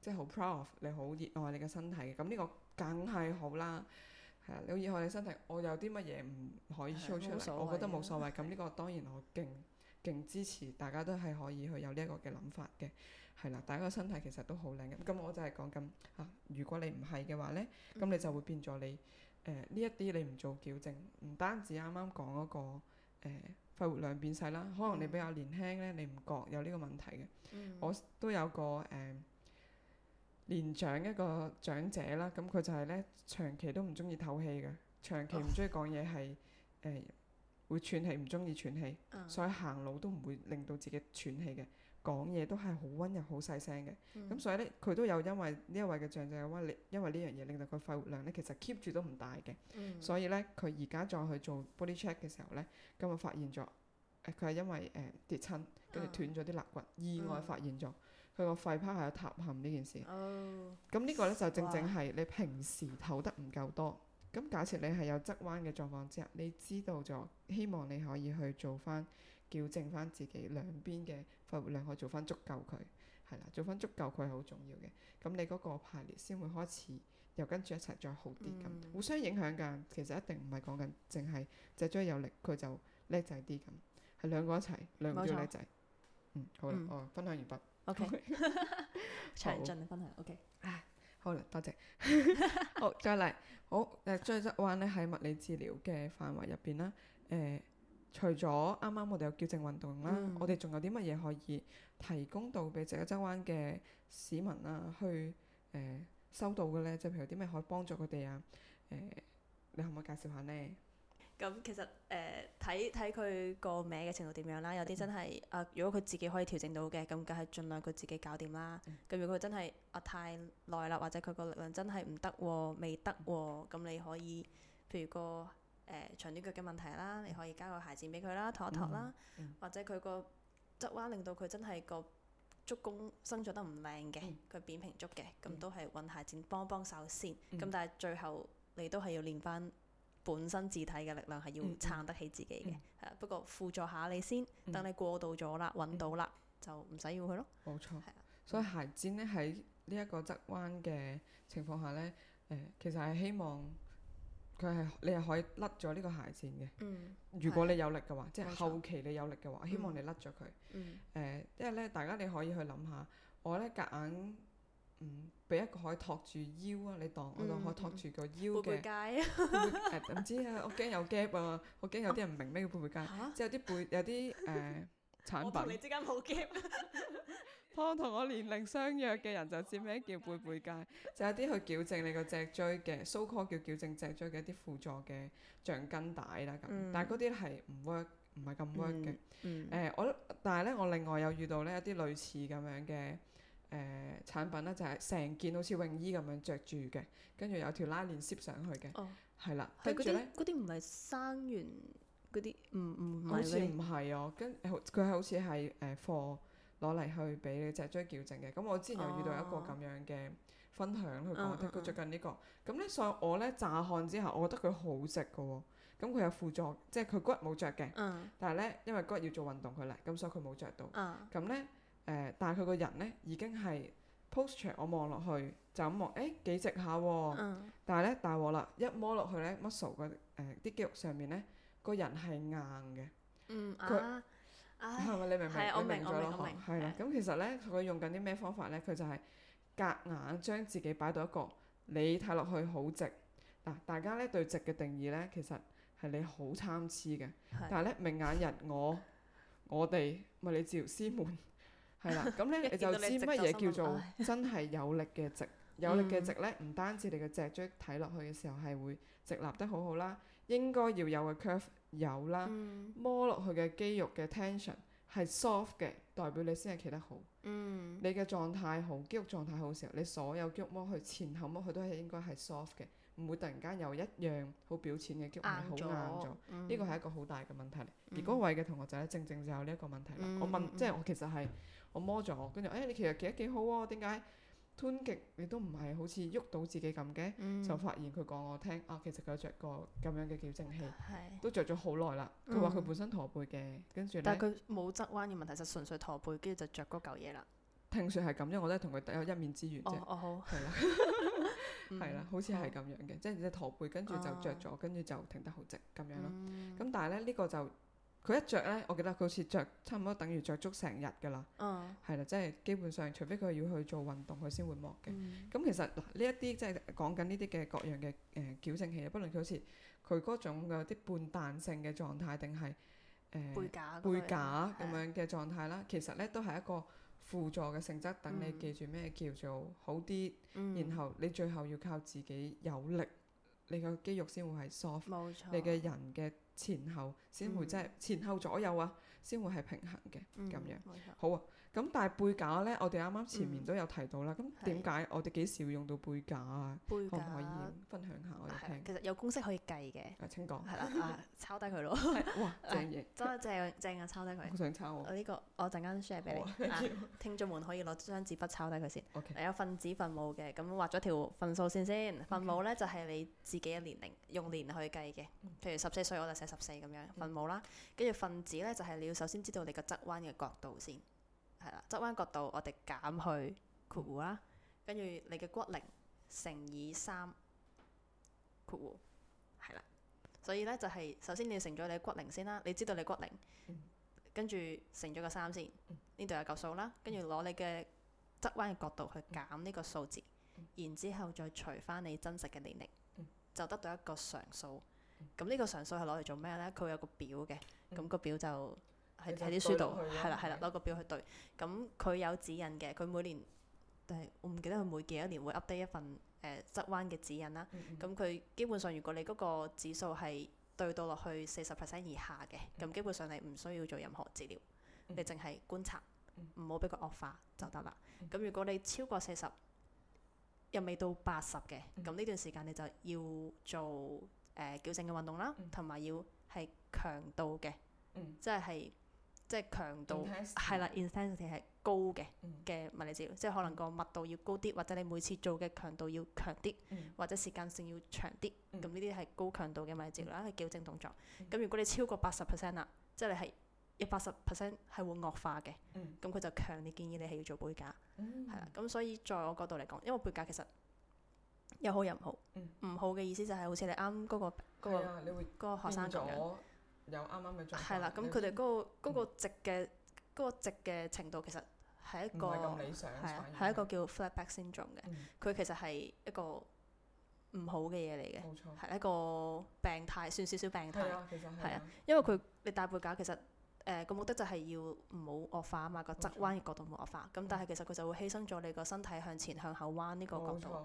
即係好 proud of，你好熱愛你嘅身體，咁呢個梗係好啦。係啊，你以後你身體，我有啲乜嘢唔可以 show 出嚟，我覺得冇所謂。咁呢個當然我勁勁支持，大家都係可以去有呢一個嘅諗法嘅。係啦，大家身體其實都好靚嘅。咁我就係講緊啊，如果你唔係嘅話呢，咁你就會變咗你呢一啲你唔做矯正，唔單止啱啱講嗰個、呃、肺活量變細啦，可能你比較年輕呢，嗯、你唔覺有呢個問題嘅。嗯、我都有個誒。呃年長一個長者啦，咁佢就係呢，長期都唔中意透氣嘅，長期唔中意講嘢係誒會喘氣，唔中意喘氣，uh. 所以行路都唔會令到自己喘氣嘅，講嘢都係好溫柔、好細聲嘅。咁、mm. 所以呢，佢都有因為呢一位嘅長者嘅威力，因為呢樣嘢令到佢肺活量呢其實 keep 住都唔大嘅。Mm. 所以呢，佢而家再去做 body check 嘅時候呢，今日發現咗佢係因為誒、呃、跌親，跟住斷咗啲肋骨，uh. mm. 意外發現咗。佢個肺泡係有塌陷呢件事，咁呢、oh, 個呢就正正係你平時唞得唔夠多。咁哇假設你係有側彎嘅狀況之下，你知道咗，希望你可以去做翻矯正翻自己兩邊嘅肺活量，可以做翻足夠佢，係啦，做翻足夠佢好重要嘅。咁你嗰個排列先會開始又跟住一齊再好啲咁、嗯，互相影響㗎。其實一定唔係講緊淨係脊椎有力，佢就叻仔啲咁，係兩個一齊兩個都叻仔。嗯，好啦，嗯、哦，分享完畢。OK， 詳盡分享。OK，好啦，多謝。 好，再嚟，好誒，脊椎側彎咧，喺物理治療嘅範圍入邊啦。誒、呃，除咗啱啱我哋有矯正運動啦，嗯、我哋仲有啲乜嘢可以提供到俾脊椎側彎嘅市民啦、啊？去誒、呃、收到嘅咧，即、就、係、是、譬如有啲咩可以幫助佢哋啊？誒、呃，你可唔可以介紹下咧？咁其實誒睇睇佢個歪嘅程度點樣啦，有啲真係啊、呃，如果佢自己可以調整到嘅，咁梗係盡量佢自己搞掂啦。咁、嗯、如果佢真係啊太耐啦，或者佢個力量真係唔得喎，未得喎，咁、嗯、你可以譬如個誒、呃、長短腳嘅問題啦，你可以加個鞋墊俾佢啦，托一托啦。嗯嗯、或者佢個側彎令到佢真係個足弓生長得唔靚嘅，佢、嗯、扁平足嘅，咁都係揾鞋墊幫幫手先。咁、嗯、但係最後你都係要練翻。本身自體嘅力量係要撐得起自己嘅，係啊、嗯，不過輔助下你先，嗯、等你過渡咗啦，揾到啦，嗯、就唔使要佢咯。冇錯，係啊的，所以鞋墊咧喺呢一個側彎嘅情況下咧，誒、呃，其實係希望佢係你係可以甩咗呢個鞋墊嘅。嗯，如果你有力嘅話，的即係後期你有力嘅話，錯希望你甩咗佢。嗯，誒、嗯呃，因為咧，大家你可以去諗下，我咧夾硬。嗯，俾一個可以托住腰啊！你當我當可以托住個腰嘅唔知啊，我驚有 gap 啊，我驚有啲人唔明咩叫背背佳，即係有啲背有啲誒產品。你之間冇 gap，同我年齡相約嘅人就知咩叫背背佳，就有啲去矯正你個脊椎嘅，so called 叫矯正脊椎嘅一啲輔助嘅橡筋帶啦咁，但係嗰啲係唔 work，唔係咁 work 嘅。誒，我但係咧，我另外有遇到呢一啲類似咁樣嘅。誒、呃、產品咧就係成件好似泳衣咁樣着住嘅，跟住有條拉鏈攝上去嘅，係啦、哦。的跟住咧，嗰啲唔係生完嗰啲，唔唔好似唔係哦，跟佢係好似係誒貨攞嚟去俾你脊椎矯正嘅。咁我之前又遇到一個咁樣嘅分享，佢講，的確最近呢個咁咧，嗯、所以我咧乍看之後，我覺得佢好食嘅喎。咁佢有輔助，即係佢骨冇着嘅，嗯、但係咧因為嗰日要做運動佢咧，咁所以佢冇着到。咁咧、嗯。誒，但係佢個人呢已經係 posture，我望落去就咁望，誒幾直下喎。但係呢，大鑊啦，一摸落去呢 muscle 嘅啲肌肉上面呢，個人係硬嘅。佢啊係咪你明唔明？我明咗咯，係啦。咁其實呢，佢用緊啲咩方法呢？佢就係夾硬將自己擺到一個你睇落去好直。嗱，大家呢對直嘅定義呢，其實係你好參差嘅。但係呢，明眼人，我我哋物理治療師們。係啦，咁咧 你就知乜嘢叫做真係有力嘅直，有力嘅直咧，唔單止你嘅脊椎睇落去嘅時候係會直立得好好啦，應該要有嘅 curve 有啦，嗯、摸落去嘅肌肉嘅 tension 係 soft 嘅，代表你先係企得好，嗯、你嘅狀態好，肌肉狀態好嘅時候，你所有肌肉摸去前後摸去都係應該係 soft 嘅，唔會突然間又一樣好表淺嘅肌肉好硬咗了，呢個係一個好大嘅問題嚟。而嗰位嘅同學仔咧正正就有呢一個問題啦，嗯、我問即係我其實係。我摸咗，跟住誒你其實企得幾好喎？點解攤極你都唔係好似喐到自己咁嘅？就發現佢講我聽啊，其實佢有着個咁樣嘅矯正器，都着咗好耐啦。佢話佢本身駝背嘅，跟住咧，但係佢冇側彎嘅問題，就純粹駝背，跟住就着嗰嚿嘢啦。聽說係咁，因為我都係同佢得有一面之緣啫。哦，好。係啦，係啦，好似係咁樣嘅，即係只係駝背，跟住就着咗，跟住就停得好直咁樣咯。咁但係咧呢個就。佢一着咧，我記得佢好似着，差唔多等於着足成日㗎啦，係啦、嗯，即係基本上除非佢要去做運動，佢先會剝嘅。咁其實呢一啲即係講緊呢啲嘅各樣嘅誒、呃、矯正器，不論佢好似佢嗰種嘅啲半彈性嘅狀態，定係誒背架咁樣嘅狀態啦，是的 其實咧都係一個輔助嘅性質，等、嗯、你記住咩叫做好啲，嗯、然後你最後要靠自己有力，你個肌肉先會係 soft，< 沒錯 S 2> 你嘅人嘅。前後先會，即係、嗯、前後左右啊，先會係平衡嘅咁、嗯、樣、嗯、好啊。咁但係背架咧，我哋啱啱前面都有提到啦。咁點解我哋幾時會用到背架啊？背架可以分享下我哋聽。其實有公式可以計嘅。係請講。係啦，抄低佢咯。哇！正嘢。真係正正啊！抄低佢。我想抄我呢個我陣間 share 俾你，聽眾們可以攞張紙筆抄低佢先。OK。有分子分母嘅，咁畫咗條分數線先。分母咧就係你自己嘅年齡，用年去計嘅。嗯。譬如十四歲，我就寫十四咁樣分母啦。跟住分子咧就係你要首先知道你個側彎嘅角度先。係啦，側彎角度我哋減去括弧啦，跟住你嘅骨齡乘以三括弧，係啦。所以咧就係首先你要乘咗你嘅骨齡先啦，你知道你骨齡，跟住乘咗個三先，呢度有個數啦，跟住攞你嘅側彎嘅角度去減呢個數字，然之後再除翻你真實嘅年齡，就得到一個常數。咁呢個常數係攞嚟做咩咧？佢有個表嘅，咁個表就。喺啲書度，係啦係啦，攞個表去對。咁佢有指引嘅，佢每年誒我唔記得佢每幾多年會 update 一份誒側彎嘅指引啦。咁佢基本上如果你嗰個指數係對到落去四十 percent 以下嘅，咁基本上你唔需要做任何治療，你淨係觀察，唔好俾佢惡化就得啦。咁如果你超過四十又未到八十嘅，咁呢段時間你就要做誒矯正嘅運動啦，同埋要係強度嘅，即係係。即係強度係啦，intensity 係高嘅嘅物理治療，即係可能個密度要高啲，或者你每次做嘅強度要強啲，或者時間性要長啲。咁呢啲係高強度嘅物理治療，一係矯正動作。咁如果你超過八十 percent 啦，即係你係有八十 percent 係會惡化嘅。咁佢就強烈建議你係要做背架，係啦。咁所以在我角度嚟講，因為背架其實有好有唔好。唔好嘅意思就係好似你啱嗰個嗰個學生咁樣。有啱啱嘅狀況。係啦，咁佢哋嗰個直嘅嗰、嗯、直嘅程度其實係一個係係一個叫 flat back syndrome 嘅，佢、嗯、其實係一個唔好嘅嘢嚟嘅，係沒錯 一個病態，算少少病態。係啊，因為佢你戴背架其實誒個、呃、目的就係要唔好惡化啊嘛，個側彎嘅角度唔好惡化，咁沒錯 但係其實佢就會犧牲咗你個身體向前向後彎呢個角度。冇錯。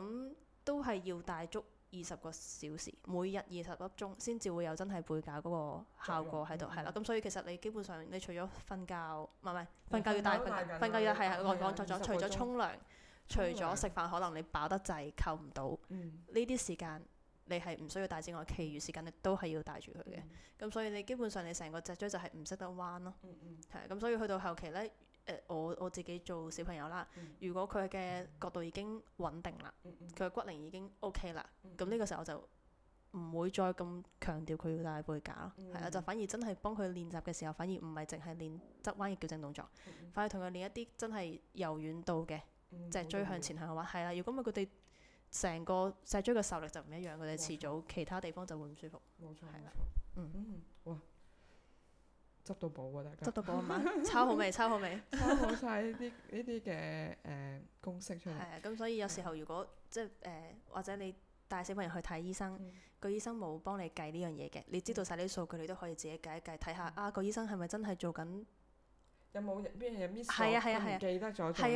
咁都係要帶足二十個小時，每日二十粒鐘，先至會有真係背架嗰個效果喺度，係啦。咁所以其實你基本上，你除咗瞓覺，唔係唔係瞓覺要帶，瞓覺要係啊。我講錯咗，除咗沖涼，除咗食飯，可能你飽得滯，扣唔到呢啲時間，你係唔需要帶之外，其餘時間你都係要帶住佢嘅。咁所以你基本上你成個脊椎就係唔識得彎咯，係咁，所以去到後期咧。我我自己做小朋友啦，如果佢嘅角度已經穩定啦，佢嘅骨齡已經 OK 啦，咁呢個時候我就唔會再咁強調佢要戴背架啦，係啦，就反而真係幫佢練習嘅時候，反而唔係淨係練側彎嘅矯正動作，反而同佢練一啲真係柔軟度嘅脊椎向前向後彎，係啦，如果唔係佢哋成個脊椎嘅受力就唔一樣，佢哋遲早其他地方就會唔舒服，冇錯嗯。執到寶啊！大家執到寶啊嘛！抄好未？抄好未？抄好晒呢啲呢啲嘅誒公式出嚟。係，咁所以有時候如果即係誒，或者你帶小朋友去睇醫生，個醫生冇幫你計呢樣嘢嘅，你知道晒呢啲數據，你都可以自己計一計，睇下啊個醫生係咪真係做緊？有冇邊樣嘢，miss 係啊係啊係啊！記得咗做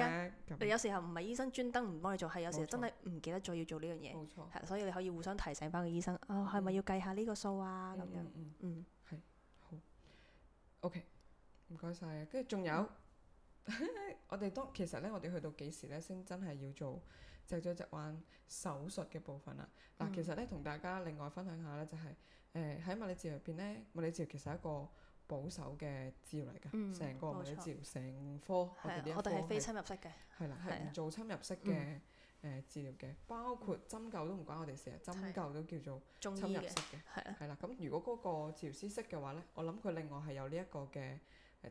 咩？有時候唔係醫生專登唔幫你做，係有時候真係唔記得咗要做呢樣嘢。冇錯。係，所以你可以互相提醒返個醫生啊，係咪要計下呢個數啊？咁樣嗯。OK，唔該晒。跟住仲有，嗯、 我哋當其實咧，我哋去到幾時咧，先真係要做脊椎側彎手術嘅部分啦。嗱，其實咧，同、嗯、大家另外分享下咧、就係，就係誒喺物理治療入邊咧，物理治療其實係一個保守嘅治療嚟㗎，成、嗯、個物理治療成科。係啊的，我哋係非侵入式嘅，係啦的，係唔做侵入式嘅。嗯誒、嗯、治療嘅，包括針灸都唔關我哋事，針灸都叫做侵入式嘅，係啦。咁如果嗰個治療師識嘅話咧，我諗佢另外係有呢一個嘅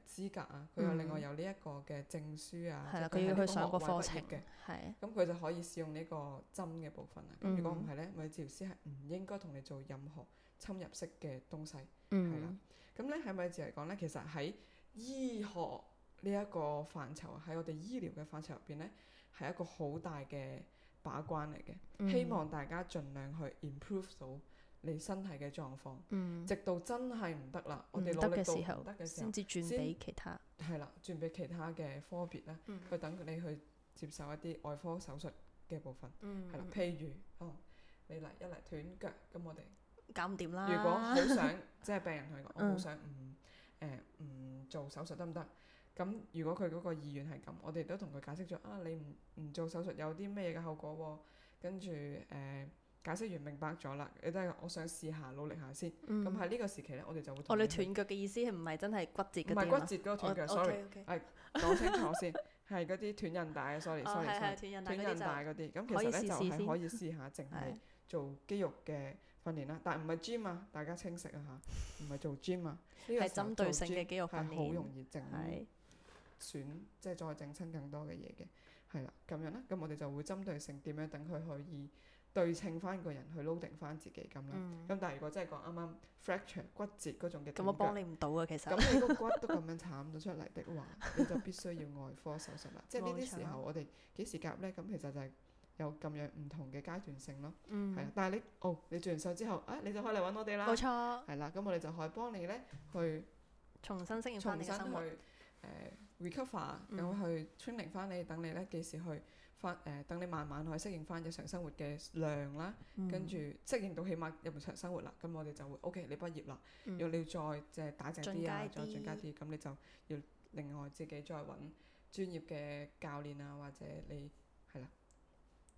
誒資格啊，佢又、嗯、另外有呢一個嘅證書啊，係佢要去上個課程嘅，係。咁佢就可以使用呢個針嘅部分啊。咁的、嗯、如果唔係咧，咪治療師係唔應該同你做任何侵入式嘅東西，係啦、嗯。咁咧喺咪字嚟講咧，其實喺醫學呢一個範疇，喺我哋醫療嘅範疇入邊咧。係一個好大嘅把關嚟嘅，嗯、希望大家盡量去 improve 到你身體嘅狀況，嗯、直到真係唔得啦，我哋努力到唔得嘅時候，先至轉俾其他。係啦，轉俾其他嘅科別啦。嗯、去等你去接受一啲外科手術嘅部分。係啦、嗯，譬如哦、啊，你嚟一嚟斷腳，咁我哋搞唔掂啦。如果好想，即係 病人同 我講，我好想唔誒唔做手術得唔得？行咁如果佢嗰個意願係咁，我哋都同佢解釋咗啊！你唔唔做手術有啲咩嘅後果喎？跟住誒解釋完明白咗啦，你都係我想試下努力下先。咁喺呢個時期咧，我哋就會同你我哋斷腳嘅意思係唔係真係骨折，唔係骨折嗰個斷腳，sorry，係講清楚先，係嗰啲斷韌帶，sorry，sorry，斷韌帶嗰啲。咁其實咧就係，可以試下，淨係做肌肉嘅訓練啦，但唔係 gym 啊，大家清晰啊嚇，唔係做 gym 啊。呢個係針對性嘅肌肉訓練，係好容易整。選即係再整親更多嘅嘢嘅，係啦，咁樣啦，咁我哋就會針對性點樣等佢可以對稱翻個人去 loading 翻自己咁啦。咁、嗯、但係如果真係講啱啱 fracture 骨折嗰種嘅，咁我幫你唔到啊，其實。咁你個骨都咁樣慘咗出嚟的話， 你就必須要外科手術啦。錯即係呢啲時候，我哋幾時夾咧？咁其實就係有咁樣唔同嘅階段性咯。嗯。係啊，但係你哦，你做完手之後，啊、哎，你就可以嚟揾我哋啦。冇錯。係啦，咁我哋就可以幫你咧去重新適應翻啲生 recover 咁去 training 翻你，等你咧幾時去翻誒？等你慢慢可以適應翻日常生活嘅量啦，跟住適應到起碼日常生活啦，咁我哋就會 OK，你畢業啦。要你要再即係打正啲啊，再進階啲，咁你就要另外自己再揾專業嘅教練啊，或者你係啦，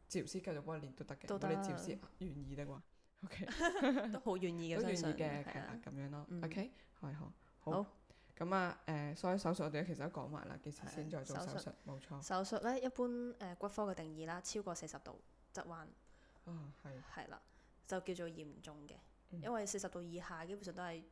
治療師繼續幫你練都得嘅，如果你治療師願意的話。OK，都好願意嘅，都願意嘅。係啊，咁樣咯。OK，係好，好。咁啊，誒、嗯，所有手術我哋其實都講埋啦，幾時先再做手術？冇錯、嗯。手術咧，一般誒骨科嘅定義啦，超過四十度側彎，啊係、哦，係啦，就叫做嚴重嘅，嗯、因為四十度以下基本上都係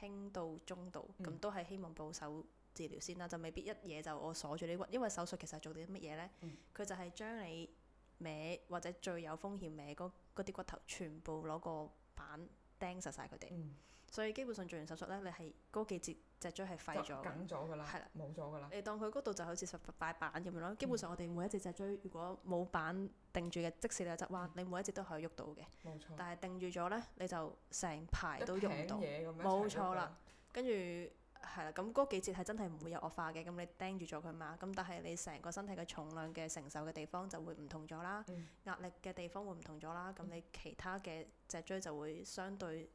輕到中度，咁、嗯、都係希望保守治療先啦，就未必一嘢就我鎖住啲骨，因為手術其實做啲乜嘢咧，佢、嗯、就係將你歪或者最有風險嘅歪嗰啲骨頭，全部攞個板釘實晒佢哋。嗯。所以基本上做完手術咧，你係嗰幾節脊椎係廢咗，緊咗㗎啦，係啦的，冇咗㗎啦。你當佢嗰度就好似十塊板咁樣咯。嗯、基本上我哋每一隻脊椎，如果冇板定住嘅，即使你執，哇，你每一節都可以喐到嘅。嗯、但係定住咗咧，你就成排都喐唔到。冇錯啦，跟住係啦，咁嗰幾節係真係唔會有惡化嘅。咁你釘住咗佢嘛？咁但係你成個身體嘅重量嘅承受嘅地方就會唔同咗啦，嗯、壓力嘅地方會唔同咗啦。咁你其他嘅脊椎就會相對。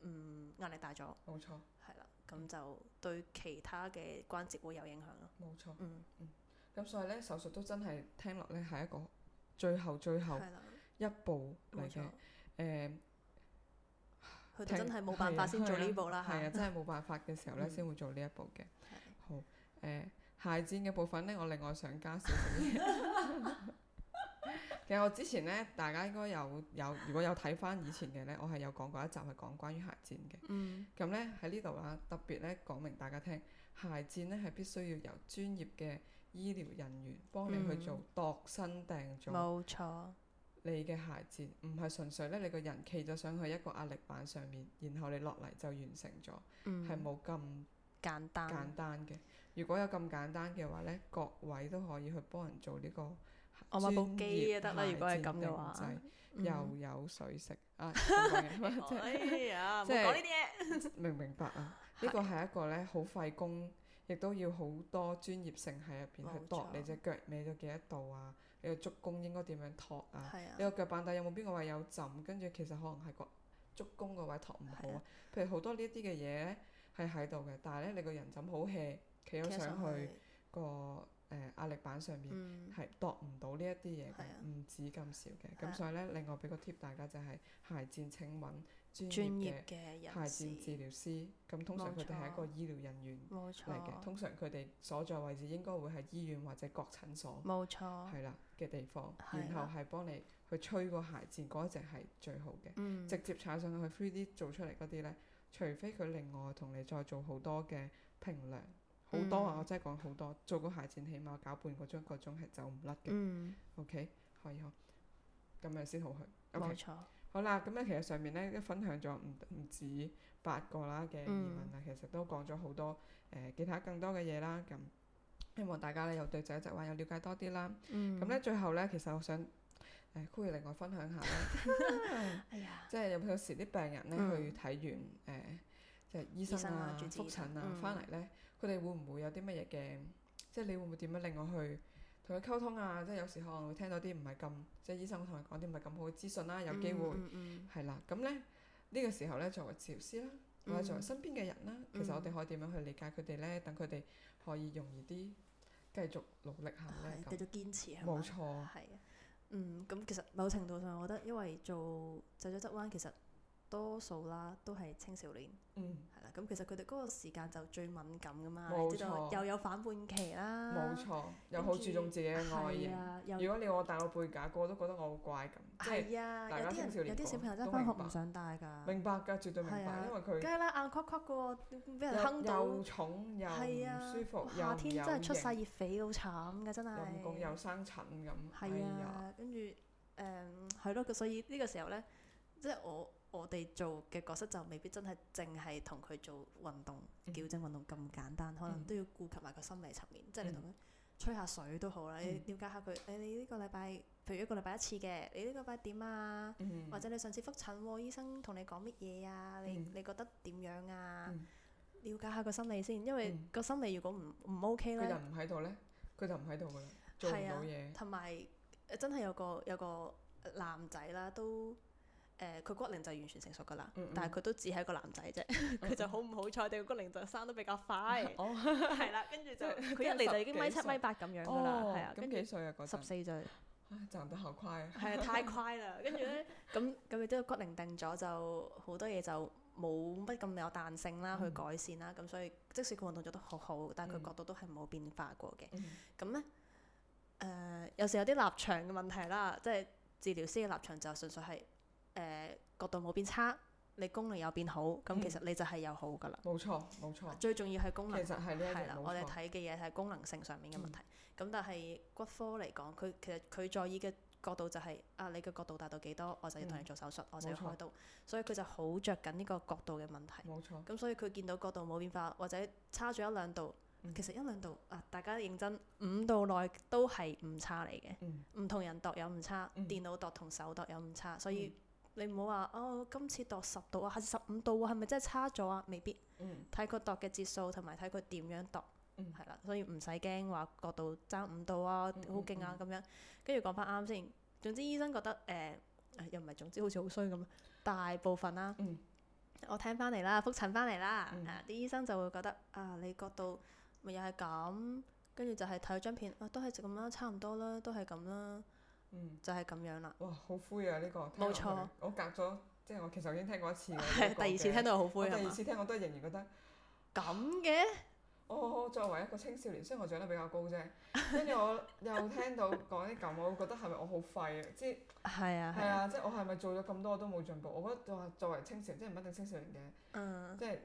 嗯，壓力大咗，冇錯，係啦，咁就對其他嘅關節會有影響咯，冇錯，嗯嗯，咁所以咧手術都真係聽落咧係一個最後最後一步嚟嘅，誒，佢哋真係冇辦法先做呢步啦，係啊，真係冇辦法嘅時候咧先會做呢一步嘅。好，誒，鞋墊嘅部分咧我另外想加少少嘢。其實我之前呢，大家應該有有，如果有睇翻以前嘅呢，我係有講過一集係講關於鞋墊嘅。嗯。咁呢喺呢度啊，特別呢，講明大家聽鞋墊呢係必須要由專業嘅醫療人員幫你去做、嗯、度身訂做。冇錯。你嘅鞋墊唔係純粹呢，你個人企咗上去一個壓力板上面，然後你落嚟就完成咗，係冇咁簡單。簡單嘅，如果有咁簡單嘅話呢，各位都可以去幫人做呢、這個。我買部機啊得啦。駕駕，如果係咁嘅話，又有水食啊！哎呀，嗯，唔好講呢啲嘢。明 唔明白啊！呢個係一個咧好費工，亦都要好多專業性喺入邊去度你隻腳歪咗幾多度啊？你個足弓應該點樣托啊？啊你個腳板底有冇邊個位有腫？跟住其實可能係個足弓嗰位托唔好啊！啊譬如好多呢一啲嘅嘢係喺度嘅，但係咧你個人腫好氣，企咗上去個誒板上面係度唔到呢一啲嘢嘅，唔、啊、止咁少嘅。咁、啊、所以咧，另外俾個 tip 大家就係鞋墊請揾專業嘅鞋墊治療師。咁通常佢哋係一個醫療人員嚟嘅，冇錯通常佢哋所在位置應該會係醫院或者各診所。冇錯。係啦嘅地方，啊、然後係幫你去吹個鞋墊嗰隻係最好嘅，嗯、直接踩上去去 3D 做出嚟嗰啲咧，除非佢另外同你再做好多嘅評量。好多啊！我真係講好多，做個鞋展，起碼搞半個鐘、一個鐘係走唔甩嘅。O K，可以好，咁樣先好去。冇錯。好啦，咁咧其實上面咧都分享咗唔唔止八個啦嘅疑問啊，其實都講咗好多誒其他更多嘅嘢啦。咁希望大家咧又對脊椎話又了解多啲啦。嗯。咁咧最後咧，其實我想誒 Chloe 另外分享下咧，即係有有時啲病人咧去睇完誒，即係醫生啊、復診啊翻嚟咧。佢哋會唔會有啲乜嘢嘅？即係你會唔會點樣令我去同佢溝通啊？即係有時可能會聽到啲唔係咁，即係醫生會同佢講啲唔係咁好嘅資訊啦。有機會係啦。咁咧呢個時候咧，作為治療師啦，或者作為身邊嘅人啦，其實我哋可以點樣去理解佢哋咧？等佢哋可以容易啲繼續努力下咧，繼續堅持係嘛？冇錯，係。嗯，咁其實某程度上，我覺得因為做脊椎側彎其實。多數啦，都係青少年，嗯，係啦。咁其實佢哋嗰個時間就最敏感噶嘛，又有反叛期啦，冇錯，又好注重自己嘅外形。如果你我戴個背架，個個都覺得我好怪咁。係啊，有啲人有啲小朋友真係返學唔想戴㗎。明白㗎，絕對明白，因為佢。梗係啦，硬磕磕㗎，俾人坑到。又重又唔舒服，夏天真係出晒熱痱，好慘㗎，真係。又工又生疹咁。係啊，跟住誒係咯，咁所以呢個時候咧，即係我。我哋做嘅角色就未必真係淨係同佢做運動、嗯、矯正運動咁簡單，可能都要顧及埋個心理層面，嗯、即係你同佢吹下水都好啦，瞭、嗯、解下佢、哎，你你呢個禮拜，譬如一個禮拜一次嘅，你呢個禮拜點啊？嗯、或者你上次復診，醫生同你講乜嘢啊？你、嗯、你覺得點樣啊？瞭、嗯、解下個心理先，因為個、嗯、心理如果唔唔 OK 咧，佢就唔喺度咧，佢就唔喺度噶啦，做唔到嘢。係啊，同埋真係有個有個男仔啦，都。誒佢骨齡就完全成熟噶啦，但係佢都只係一個男仔啫，佢就好唔好彩，定個骨齡就生得比較快，係啦，跟住就佢一嚟就已經米七米八咁樣噶啦，係啊，跟住十四歲，唉，賺得好快，係啊，太快啦！跟住咧，咁咁都啲骨齡定咗就好多嘢就冇乜咁有彈性啦，去改善啦，咁所以即使佢運動做得好好，但係佢角度都係冇變化過嘅。咁咧誒，有時有啲立場嘅問題啦，即係治療師嘅立場就純粹係。誒角度冇變差，你功能有變好，咁其實你就係有好噶啦。冇錯，冇錯。最重要係功能。其實係呢一樣冇錯。我哋睇嘅嘢係功能性上面嘅問題。咁但係骨科嚟講，佢其實佢在意嘅角度就係啊，你嘅角度達到幾多，我就要同你做手術，我就要開刀，所以佢就好着緊呢個角度嘅問題。冇錯。咁所以佢見到角度冇變化，或者差咗一兩度，其實一兩度啊，大家認真五度內都係誤差嚟嘅。唔同人度有誤差，電腦度同手度有誤差，所以。你唔好話哦，今次度十度啊，下次十五度啊，係咪真係差咗啊？未必，睇佢、嗯、度嘅節數同埋睇佢點樣度，係啦、嗯，所以唔使驚話角度爭五度啊，好勁、嗯嗯嗯、啊咁樣。跟住講翻啱先，總之醫生覺得誒、呃，又唔係總之好似好衰咁，大部分、啊嗯、啦，我聽翻嚟啦，復診翻嚟啦，誒啲醫生就會覺得啊，你角度咪又係咁，跟住就係睇咗張片，啊，都係咁啦，差唔多啦，都係咁啦。嗯，就係咁樣啦。哇，好灰啊呢個！冇錯，我隔咗，即係我其實已經聽過一次，第二次聽到好灰。我第二次聽我都係仍然覺得。咁嘅？我作為一個青少年，雖然我長得比較高啫，跟住我又聽到講啲咁，我會覺得係咪我好廢啊？即係係啊係啊，即係我係咪做咗咁多都冇進步？我覺得作為青少年，即係唔一定青少年嘅，即係。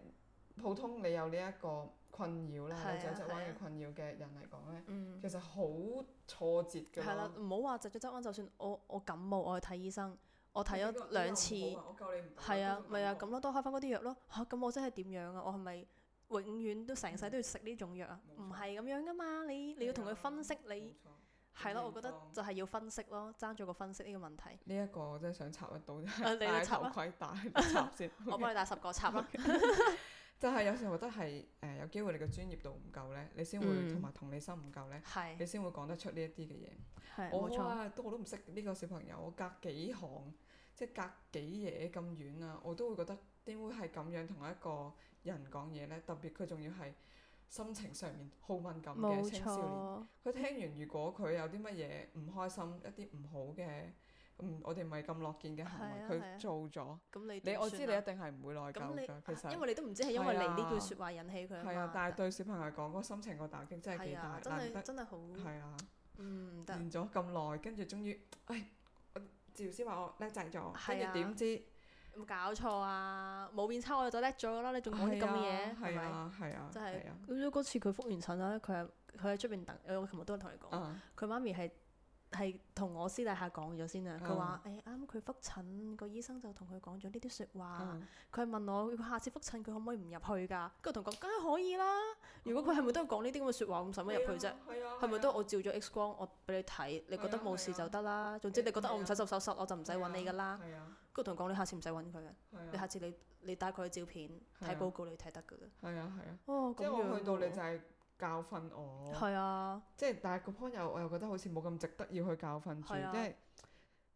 普通你有呢一個困擾啦，你有脊椎側彎嘅困擾嘅人嚟講咧，其實好挫折嘅咯。係啦，唔好話脊椎側彎，就算我我感冒，我去睇醫生，我睇咗兩次，係啊，咪啊咁咯，都開翻嗰啲藥咯。嚇，咁我真係點樣啊？我係咪永遠都成世都要食呢種藥啊？唔係咁樣噶嘛，你你要同佢分析你係咯，我覺得就係要分析咯，爭咗個分析呢個問題。呢一個我真係想插得到，你戴頭盔插先。我幫你戴十個插。但係有時候覺得係誒、呃、有機會你嘅專業度唔夠呢，你先會同埋、嗯、同理心唔夠呢，是你先會講得出呢一啲嘅嘢。我啊都我都唔識呢個小朋友，我隔幾行即係隔幾嘢咁遠啊，我都會覺得點會係咁樣同一個人講嘢呢？特別佢仲要係心情上面好敏感嘅青少年，佢錯聽完如果佢有啲乜嘢唔開心，一啲唔好嘅。嗯，我哋唔係咁樂見嘅行為，佢做咗。咁你我知你一定係唔會內疚㗎，其實。因為你都唔知係因為你呢句説話引起佢。係啊，但係對小朋友講個心情個打擊真係幾大，難得真係好。係啊，嗯。練咗咁耐，跟住終於，誒，趙師話我叻仔咗，跟住點知？有冇搞錯啊？冇變差我就叻咗啦！你仲講啲咁嘅嘢，係咪？係啊，嗰次佢覆完診啦，佢佢喺出邊等，我琴日都同你講，佢媽咪係。係同我私底下講咗先啊，佢話：誒啱佢覆診，個醫生就同佢講咗呢啲説話。佢係問我：下次覆診佢可唔可以唔入去㗎？跟住同佢講：梗係可以啦。如果佢係咪都要講呢啲咁嘅説話，咁使乜入去啫？係咪都我照咗 X 光，我俾你睇，你覺得冇事就得啦。總之你覺得我唔使做手術，我就唔使揾你㗎啦。跟住同佢講：你下次唔使揾佢嘅，你下次你你帶佢嘅照片睇報告你睇得㗎。係啊係啊，即係我去到你就係。教訓我，係啊，即係但係個 point 又我又覺得好似冇咁值得要去教訓住，即係、啊、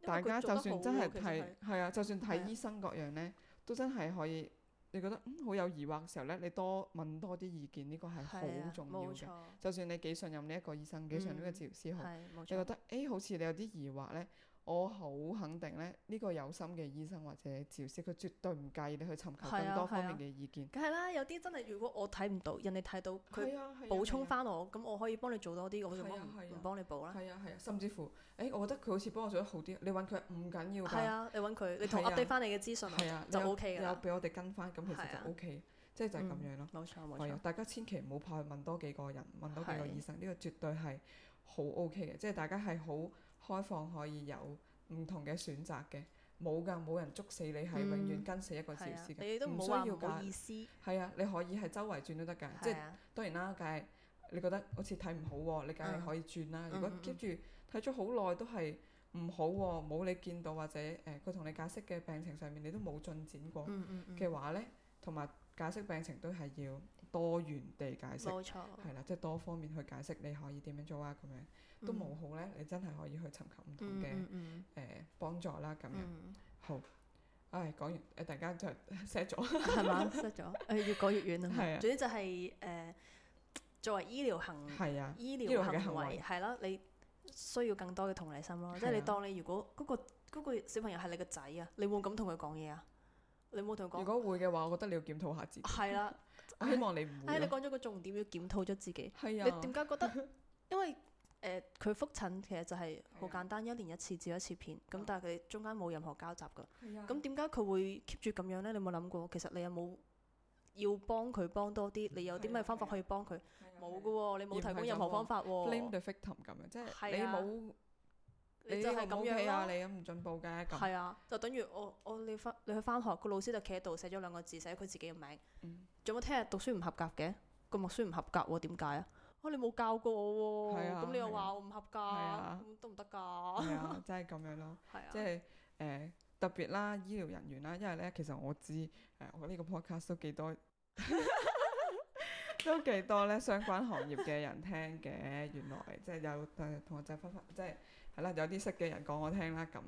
大家就算真係睇係啊，就算睇醫生各樣咧，啊、都真係可以，你覺得嗯好有疑惑嘅時候咧，你多問多啲意見，呢、呢個係好重要嘅。啊、就算你幾信任呢一個醫生，幾、嗯、信任呢個治療師好，啊、你覺得 A、欸、好似你有啲疑惑咧。我好肯定咧，呢個有心嘅醫生或者治療師，佢絕對唔介意你去尋求更多方面嘅意見。梗係啦，有啲真係，如果我睇唔到，人哋睇到佢補充翻我，咁我可以幫你做多啲，我就幫唔幫你補啦。係啊係啊，甚至乎，誒，我覺得佢好似幫我做得好啲，你揾佢唔緊要。係啊，你揾佢，你同 update 翻你嘅資訊，就 OK 㗎啦。有俾我哋跟翻，咁其實就 OK，即係就係咁樣咯。冇錯冇錯，大家千祈唔好怕去問多幾個人，問多幾個醫生，呢個絕對係好 OK 嘅，即係大家係好。開放可以有唔同嘅選擇嘅，冇㗎，冇人捉死你，係、嗯、永遠跟死一個治療師嘅，唔、啊、需要㗎。係啊，你可以係周圍轉都得㗎，啊、即係當然啦。但係你覺得好似睇唔好喎、啊，你梗係可以轉啦、啊。嗯、如果 keep 住睇咗好耐都係唔好喎，冇你見到或者誒佢同你解釋嘅病情上面你都冇進展過嘅話呢，同埋。解釋病情都係要多元地解釋，冇錯，係啦，即係多方面去解釋，你可以點樣做啊？咁樣都冇好咧，你真係可以去尋求唔同嘅誒幫助啦。咁樣好，唉，講完誒，大家就失咗係嘛？失咗，誒，越講越遠啦。係啊，總之就係誒，作為醫療行，係啊，醫療行為係咯，你需要更多嘅同理心咯。即係你當你如果嗰個小朋友係你個仔啊，你會唔會咁同佢講嘢啊？你冇同佢講。如果會嘅話，我覺得你要檢討下自己。係啦，我希望你唔會。哎，你講咗個重點，要檢討咗自己。係啊。你點解覺得？因為誒，佢覆診其實就係好簡單，一年一次照一次片，咁但係佢中間冇任何交集噶。係啊。咁點解佢會 keep 住咁樣咧？你冇諗過？其實你有冇要幫佢幫多啲？你有啲咩方法可以幫佢？冇噶喎，你冇提供任何方法喎。Blame the victim 咁樣，即係你冇。你就係咁樣啦，啊、你咁唔進步嘅、啊，係啊，就等於我我你翻你去翻學個老師就企喺度寫咗兩個字，寫佢自己嘅名，仲有冇聽日讀書唔合格嘅個默書唔合格喎、啊？點解啊？啊，你冇教過我喎、啊，咁、啊、你又話我唔合格，啊，咁、啊、都唔得㗎，真係咁樣咯，係是啊、就是，即係誒特別啦，醫療人員啦，因為咧其實我知誒、呃、我呢個 podcast 都幾多 都幾多咧相關行業嘅人聽嘅，原來、就是就是、即係有同學仔分分即係。係啦，有啲識嘅人講我聽啦，咁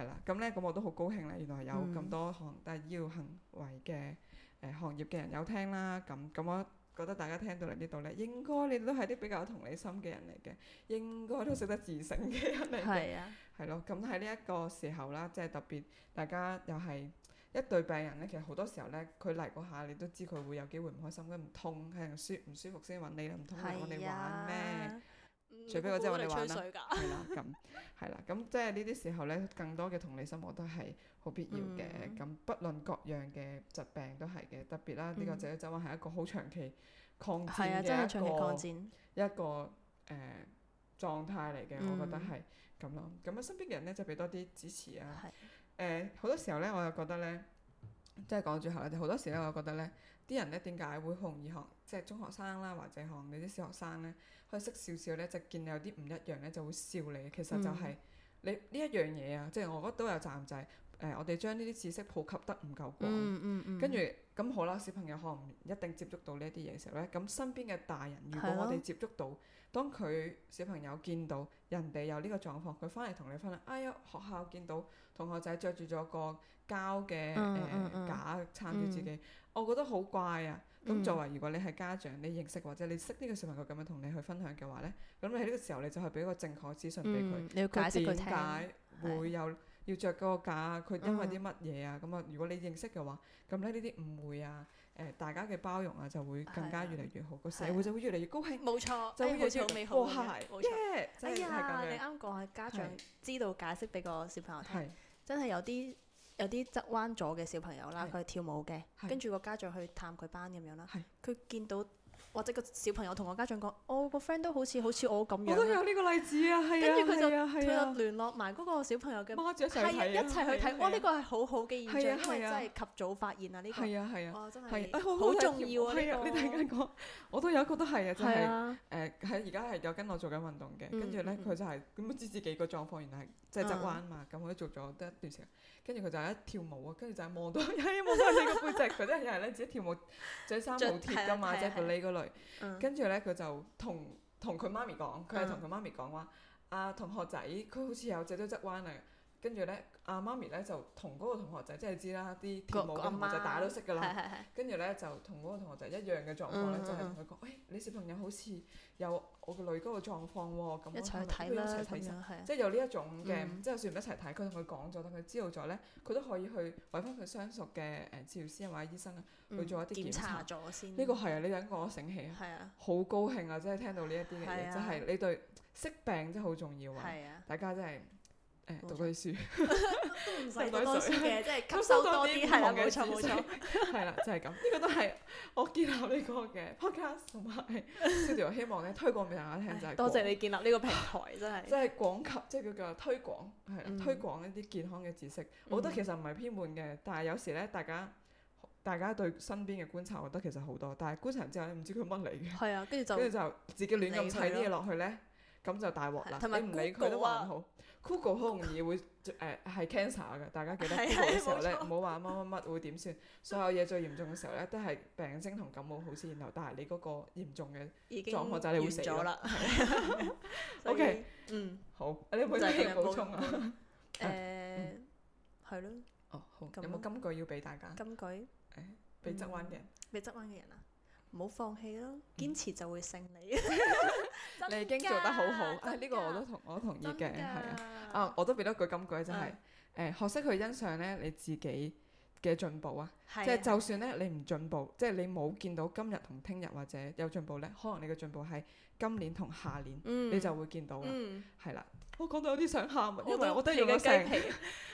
係啦，咁咧咁我都好高興咧，原來有咁多行，但係、嗯、醫療行為嘅誒、呃、行業嘅人有聽啦，咁咁我覺得大家聽到嚟呢度咧，應該你都係啲比較同理心嘅人嚟嘅，應該都識得自省嘅人嚟嘅，係啊、嗯對啦，係咯，咁喺呢一個時候啦，即係特別，大家又係一對病人咧，其實好多時候咧，佢嚟嗰下你都知佢會有機會唔開心，佢唔痛係舒唔舒服先揾你是、啊、啦，唔痛嚟揾你玩咩？除非我真係我哋玩 啦，係 啦，咁係啦，咁即係呢啲時候咧，更多嘅同理心我都係好必要嘅。咁、嗯、不論各樣嘅疾病都係嘅，特別啦，呢、嗯、個脊椎側彎係一個好長期抗戰嘅一個、嗯、長期抗戰一個誒、呃、狀態嚟嘅，嗯、我覺得係咁咯。咁啊，身邊嘅人咧，就係俾多啲支持啊。誒是，好、呃、多時候咧，我又覺得咧、就是，即係講最後咧，好多時咧，我覺得咧，啲人咧點解會好容易學即係中學生啦，或者學，或者學你啲小學生咧？佢識少少咧，就見你有啲唔一樣咧，就會笑你。其實就係、是嗯、你呢一樣嘢啊，即、就、係、是、我覺得都有責任，就係、是、誒、呃，我哋將呢啲知識普及得唔夠廣，跟住咁好啦。小朋友可能一定接觸到呢一啲嘢嘅時候咧，咁身邊嘅大人如果我哋接觸到。當佢小朋友見到人哋有呢個狀況，佢翻嚟同你分享，哎呀，學校見到同學仔着住咗個膠嘅誒架撐住自己，我覺得好怪啊！咁、嗯嗯、作為如果你係家長，你認識或者你識呢個小朋友咁樣同你去分享嘅話咧，咁你喺呢個時候你就係俾一個正確資訊俾佢，佢點、嗯、解會有要著個架，佢、嗯嗯、因為啲乜嘢啊？咁啊，如果你認識嘅話，咁咧呢啲誤會啊～誒大家嘅包容啊，就會更加越嚟越好，個社會就會越嚟越高興。冇錯，就會好似好美好哇，冇錯，耶！哎呀，你啱講係家長知道解釋俾個小朋友聽，真係有啲有啲側彎咗嘅小朋友啦，佢係跳舞嘅，跟住個家長去探佢班咁樣啦，佢見到。或者個小朋友同我家長講，我個 friend 都好似好似我咁樣。我都有呢個例子啊，係啊，係啊，係啊。跟住佢就佢就聯絡埋嗰個小朋友嘅媽一齊去睇。哇！呢個係好好嘅現象，因為真係及早發現啊呢個。係啊係啊，真係，好重要啊呢個。你睇緊我，我都有一個都係啊，就係誒喺而家係有跟我做緊運動嘅。跟住咧，佢就係咁唔知自己個狀況，原來係即係側彎嘛。咁我都做咗一段時間，跟住佢就一跳舞啊，跟住就係望到，係冇到你個背脊嗰啲人咧，自己跳舞，着衫冇貼㗎嘛，著條嗰類、嗯，跟住咧，佢就同同佢媽咪講，佢係同佢媽咪講話，啊，同學仔佢好似有脊椎側彎啊。跟住咧，阿媽咪咧就同嗰個同學仔，即係知啦，啲跳舞嘅同學仔大家都識噶啦。跟住咧就同嗰個同學仔一樣嘅狀況咧，就係同佢講，誒，你小朋友好似有我個女嗰個狀況喎。咁我同佢一齊睇啦，即係有呢一種嘅，即係算唔一齊睇。佢同佢講咗，等佢知道咗咧，佢都可以去揾翻佢相熟嘅誒治療師或者醫生啊，去做一啲檢查咗先。呢個係啊，你等我醒起啊。好高興啊！即係聽到呢一啲嘅嘢，就係你對識病真係好重要啊！大家真係。誒，讀多啲書，都唔使多嘅，即係吸收多啲係啦，冇錯冇錯，係啦，就係咁。呢個都係我建立呢個嘅 podcast 同埋 studio，希望咧推廣俾大家聽就係。多謝你建立呢個平台，真係。即係廣及，即係叫做推廣，係啊，推廣一啲健康嘅知識。我覺得其實唔係偏門嘅，但係有時咧，大家大家對身邊嘅觀察，我覺得其實好多。但係觀察之後，你唔知佢乜嚟嘅。係啊，跟住就跟住就自己亂咁砌啲嘢落去咧，咁就大鑊啦。你唔理佢都還好。Google 好容易會誒，係 cancer 嘅，大家記得 Google 嘅時候咧，唔好話乜乜乜會點算。所有嘢最嚴重嘅時候咧，都係病徵同感冒好先然後，但係你嗰個嚴重嘅狀況就係你會死咗啦。OK，嗯，好，你唔好再補充啊？誒，係咯。哦，好。有冇金句要俾大家？金句？誒，俾側彎嘅人。俾側彎嘅人啊？唔好放棄啦，堅持就會勝利。你已經做得好好，呢個我都同我都同意嘅，係啊。啊，我都俾多句金句就係，誒，學識去欣賞咧你自己嘅進步啊。即係就算咧你唔進步，即係你冇見到今日同聽日或者有進步咧，可能你嘅進步係今年同下年，你就會見到。係啦，我講到有啲想喊，因為我都用咗成，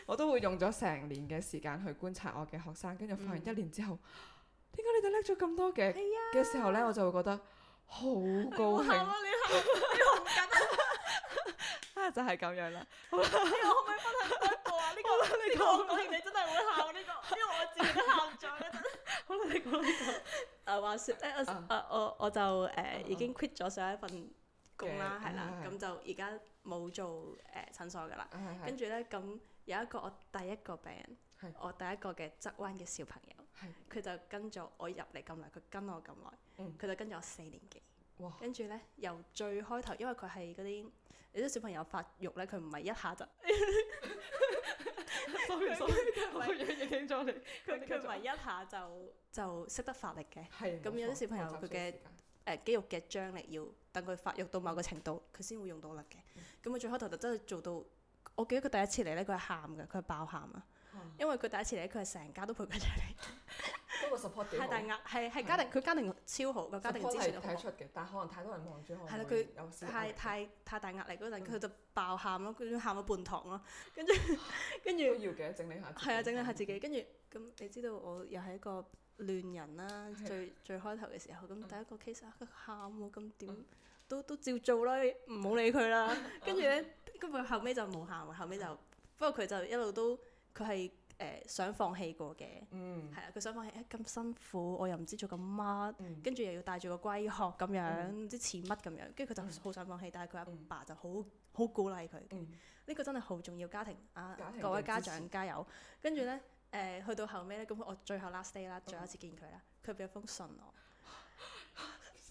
我都會用咗成年嘅時間去觀察我嘅學生，跟住發現一年之後。點解你哋叻咗咁多嘅嘅時候咧，我就會覺得好高興。你笑，你笑，你唔緊啊！啊，就係咁樣啦。好啦，你可唔可以分享多一個啊？呢個呢個講完你真係會喊呢個，因為我自己都喊咗啊！好啦，你講呢個。誒話説咧，我我就誒已經 quit 咗上一份工啦，係啦，咁就而家冇做誒診所噶啦。跟住咧，咁有一個我第一個病人，我第一個嘅側彎嘅小朋友。佢就跟咗我入嚟咁耐，佢跟我咁耐，佢、嗯、就跟咗我四年幾。跟住咧，由最開頭，因為佢係嗰啲有啲小朋友發育咧，佢唔係一下就佢佢唔係一下就就識得發力嘅。咁有啲小朋友佢嘅誒肌肉嘅張力要等佢發育到某個程度，佢先會用到力嘅。咁佢、嗯嗯、最開頭就真係做到，我記得佢第一次嚟咧，佢係喊嘅，佢係爆喊啊，因為佢第一次嚟，佢係成家都陪佢出嚟。太大壓力係係家庭，佢家庭超好，個家庭之前都睇出嘅，但係可能太多人望住我。係啦，佢太太太大壓力嗰陣，佢就爆喊咯，佢喊咗半堂咯，跟住跟住要嘅，整理下。係啊，整理下自己，跟住咁你知道我又係一個亂人啦。最最開頭嘅時候，咁第一個 case 啊，佢喊喎，咁點都都照做啦，唔好理佢啦。跟住咧，咁佢後尾就無喊喎，後尾就不過佢就一路都佢係。誒、呃、想放棄過嘅，係啊、嗯，佢想放棄，咁、哎、辛苦，我又唔知做緊乜，跟住、嗯、又要帶住個龜殼咁樣，唔、嗯、知似乜咁樣，跟住佢就好想放棄，但係佢阿爸就好好鼓勵佢，呢、嗯、個真係好重要。家庭，啊，家庭啊，各位家長家加油。跟住咧，誒去、嗯呃、到後尾咧，咁我最後 last day 啦，最後一次見佢啦，佢俾咗封信我。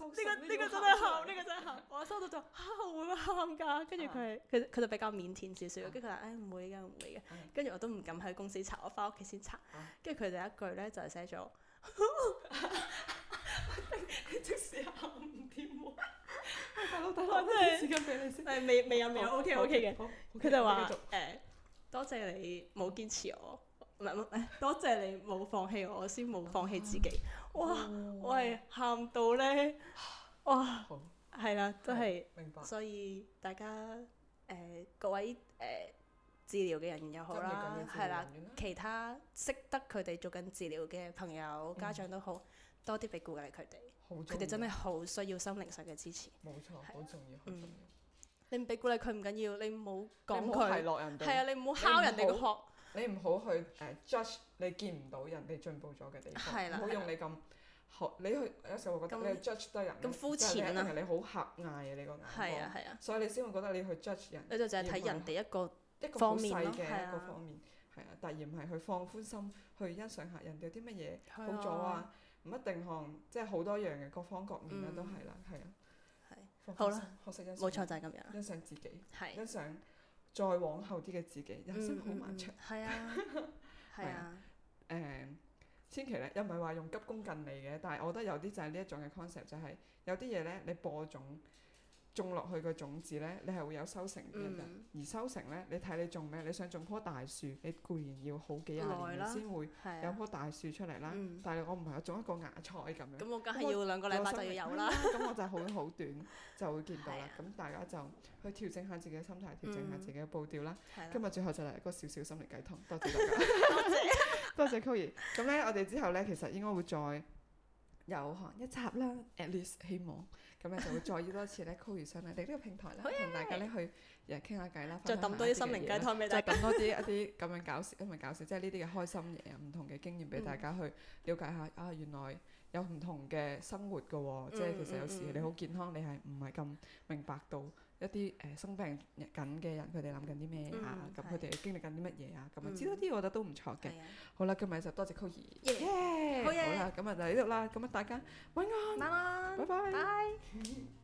呢個呢個真係喊，呢個真係喊，我收到就嚇，會唔會喊㗎？跟住佢佢佢就比較腼腆少少，跟住佢話誒唔會嘅，唔會嘅。跟住我都唔敢喺公司查。我翻屋企先查。跟住佢第一句咧就係寫咗，即使喊唔掂，大佬大佬，我俾時間俾你先。誒未未有未有 O K O K 嘅。佢就話誒多謝你冇堅持我，唔係唔係，多謝你冇放棄我，我先冇放棄自己。哇！我係喊到咧，哇！係啦，都係明白，所以大家誒各位誒治療嘅人員又好啦，係啦，其他識得佢哋做緊治療嘅朋友、家長都好，多啲俾鼓勵佢哋。佢哋真係好需要心靈上嘅支持。冇錯，好重要，好重要。你唔俾鼓勵佢唔緊要，你唔好講佢。係落人哋，係啊！你唔好敲人哋個殼。你唔好去誒 judge，你見唔到人哋進步咗嘅地方，唔好用你咁學，你去有時候會覺得你 judge 得人，咁膚淺，係你好狹隘啊，你個眼光，所以你先會覺得你要去 judge 人，你就就係睇人哋一個一個好細嘅一個方面，係啊，突然唔係去放寬心去欣賞下人哋有啲乜嘢好咗啊，唔一定看即係好多樣嘅各方各面啊都係啦，係啊，好啦，學識欣賞，冇錯就係咁樣，欣賞自己，係，欣賞。再往後啲嘅自己，人生好漫長，係、嗯嗯、啊，係 啊。誒是、啊嗯，千祈咧，又唔係話用急功近利嘅，但係我覺得有啲就係呢一種嘅 concept，就係、是、有啲嘢咧，你播種。種落去個種子咧，你係會有收成嘅。嗯、而收成咧，你睇你種咩？你想種棵大樹，你固然要好幾廿年先會有棵大樹出嚟啦。嗯、但係我唔係種一個芽菜咁樣。咁、嗯、我梗係要兩個禮拜就有啦。咁我，我、嗯嗯嗯、就好好短，就會見到啦。咁、嗯、大家就去調整下自己嘅心態，調整下自己嘅步調啦。嗯、今日最後就嚟一個小小心靈雞湯，多謝大家。 多謝、啊、 多謝 Chloe。咁咧，我哋之後咧，其實應該會再有下一集啦。At least 希望。咁咧 就會再要多一次咧，call you 上嚟，喺呢個平台咧，同耶大家咧去誒傾下偈啦，再抌多啲心靈雞湯俾大家，再抌多啲一啲咁樣搞笑，咁樣搞笑，即係呢啲嘅開心嘢，唔同嘅經驗俾大家去了解下。嗯、啊，原來有唔同嘅生活噶喎、哦，嗯、即係其實有時你好健康，你係唔係咁明白到？一啲誒生病緊嘅人，佢哋諗緊啲咩啊？咁佢哋經歷緊啲乜嘢啊？咁啊，知道啲我覺得都唔錯嘅。嗯、好啦，今日就多謝 Chloe 好嘅吧。好啦吧，咁啊、嗯、就呢度啦。咁啊，大家晚安，晚安，拜拜 bye。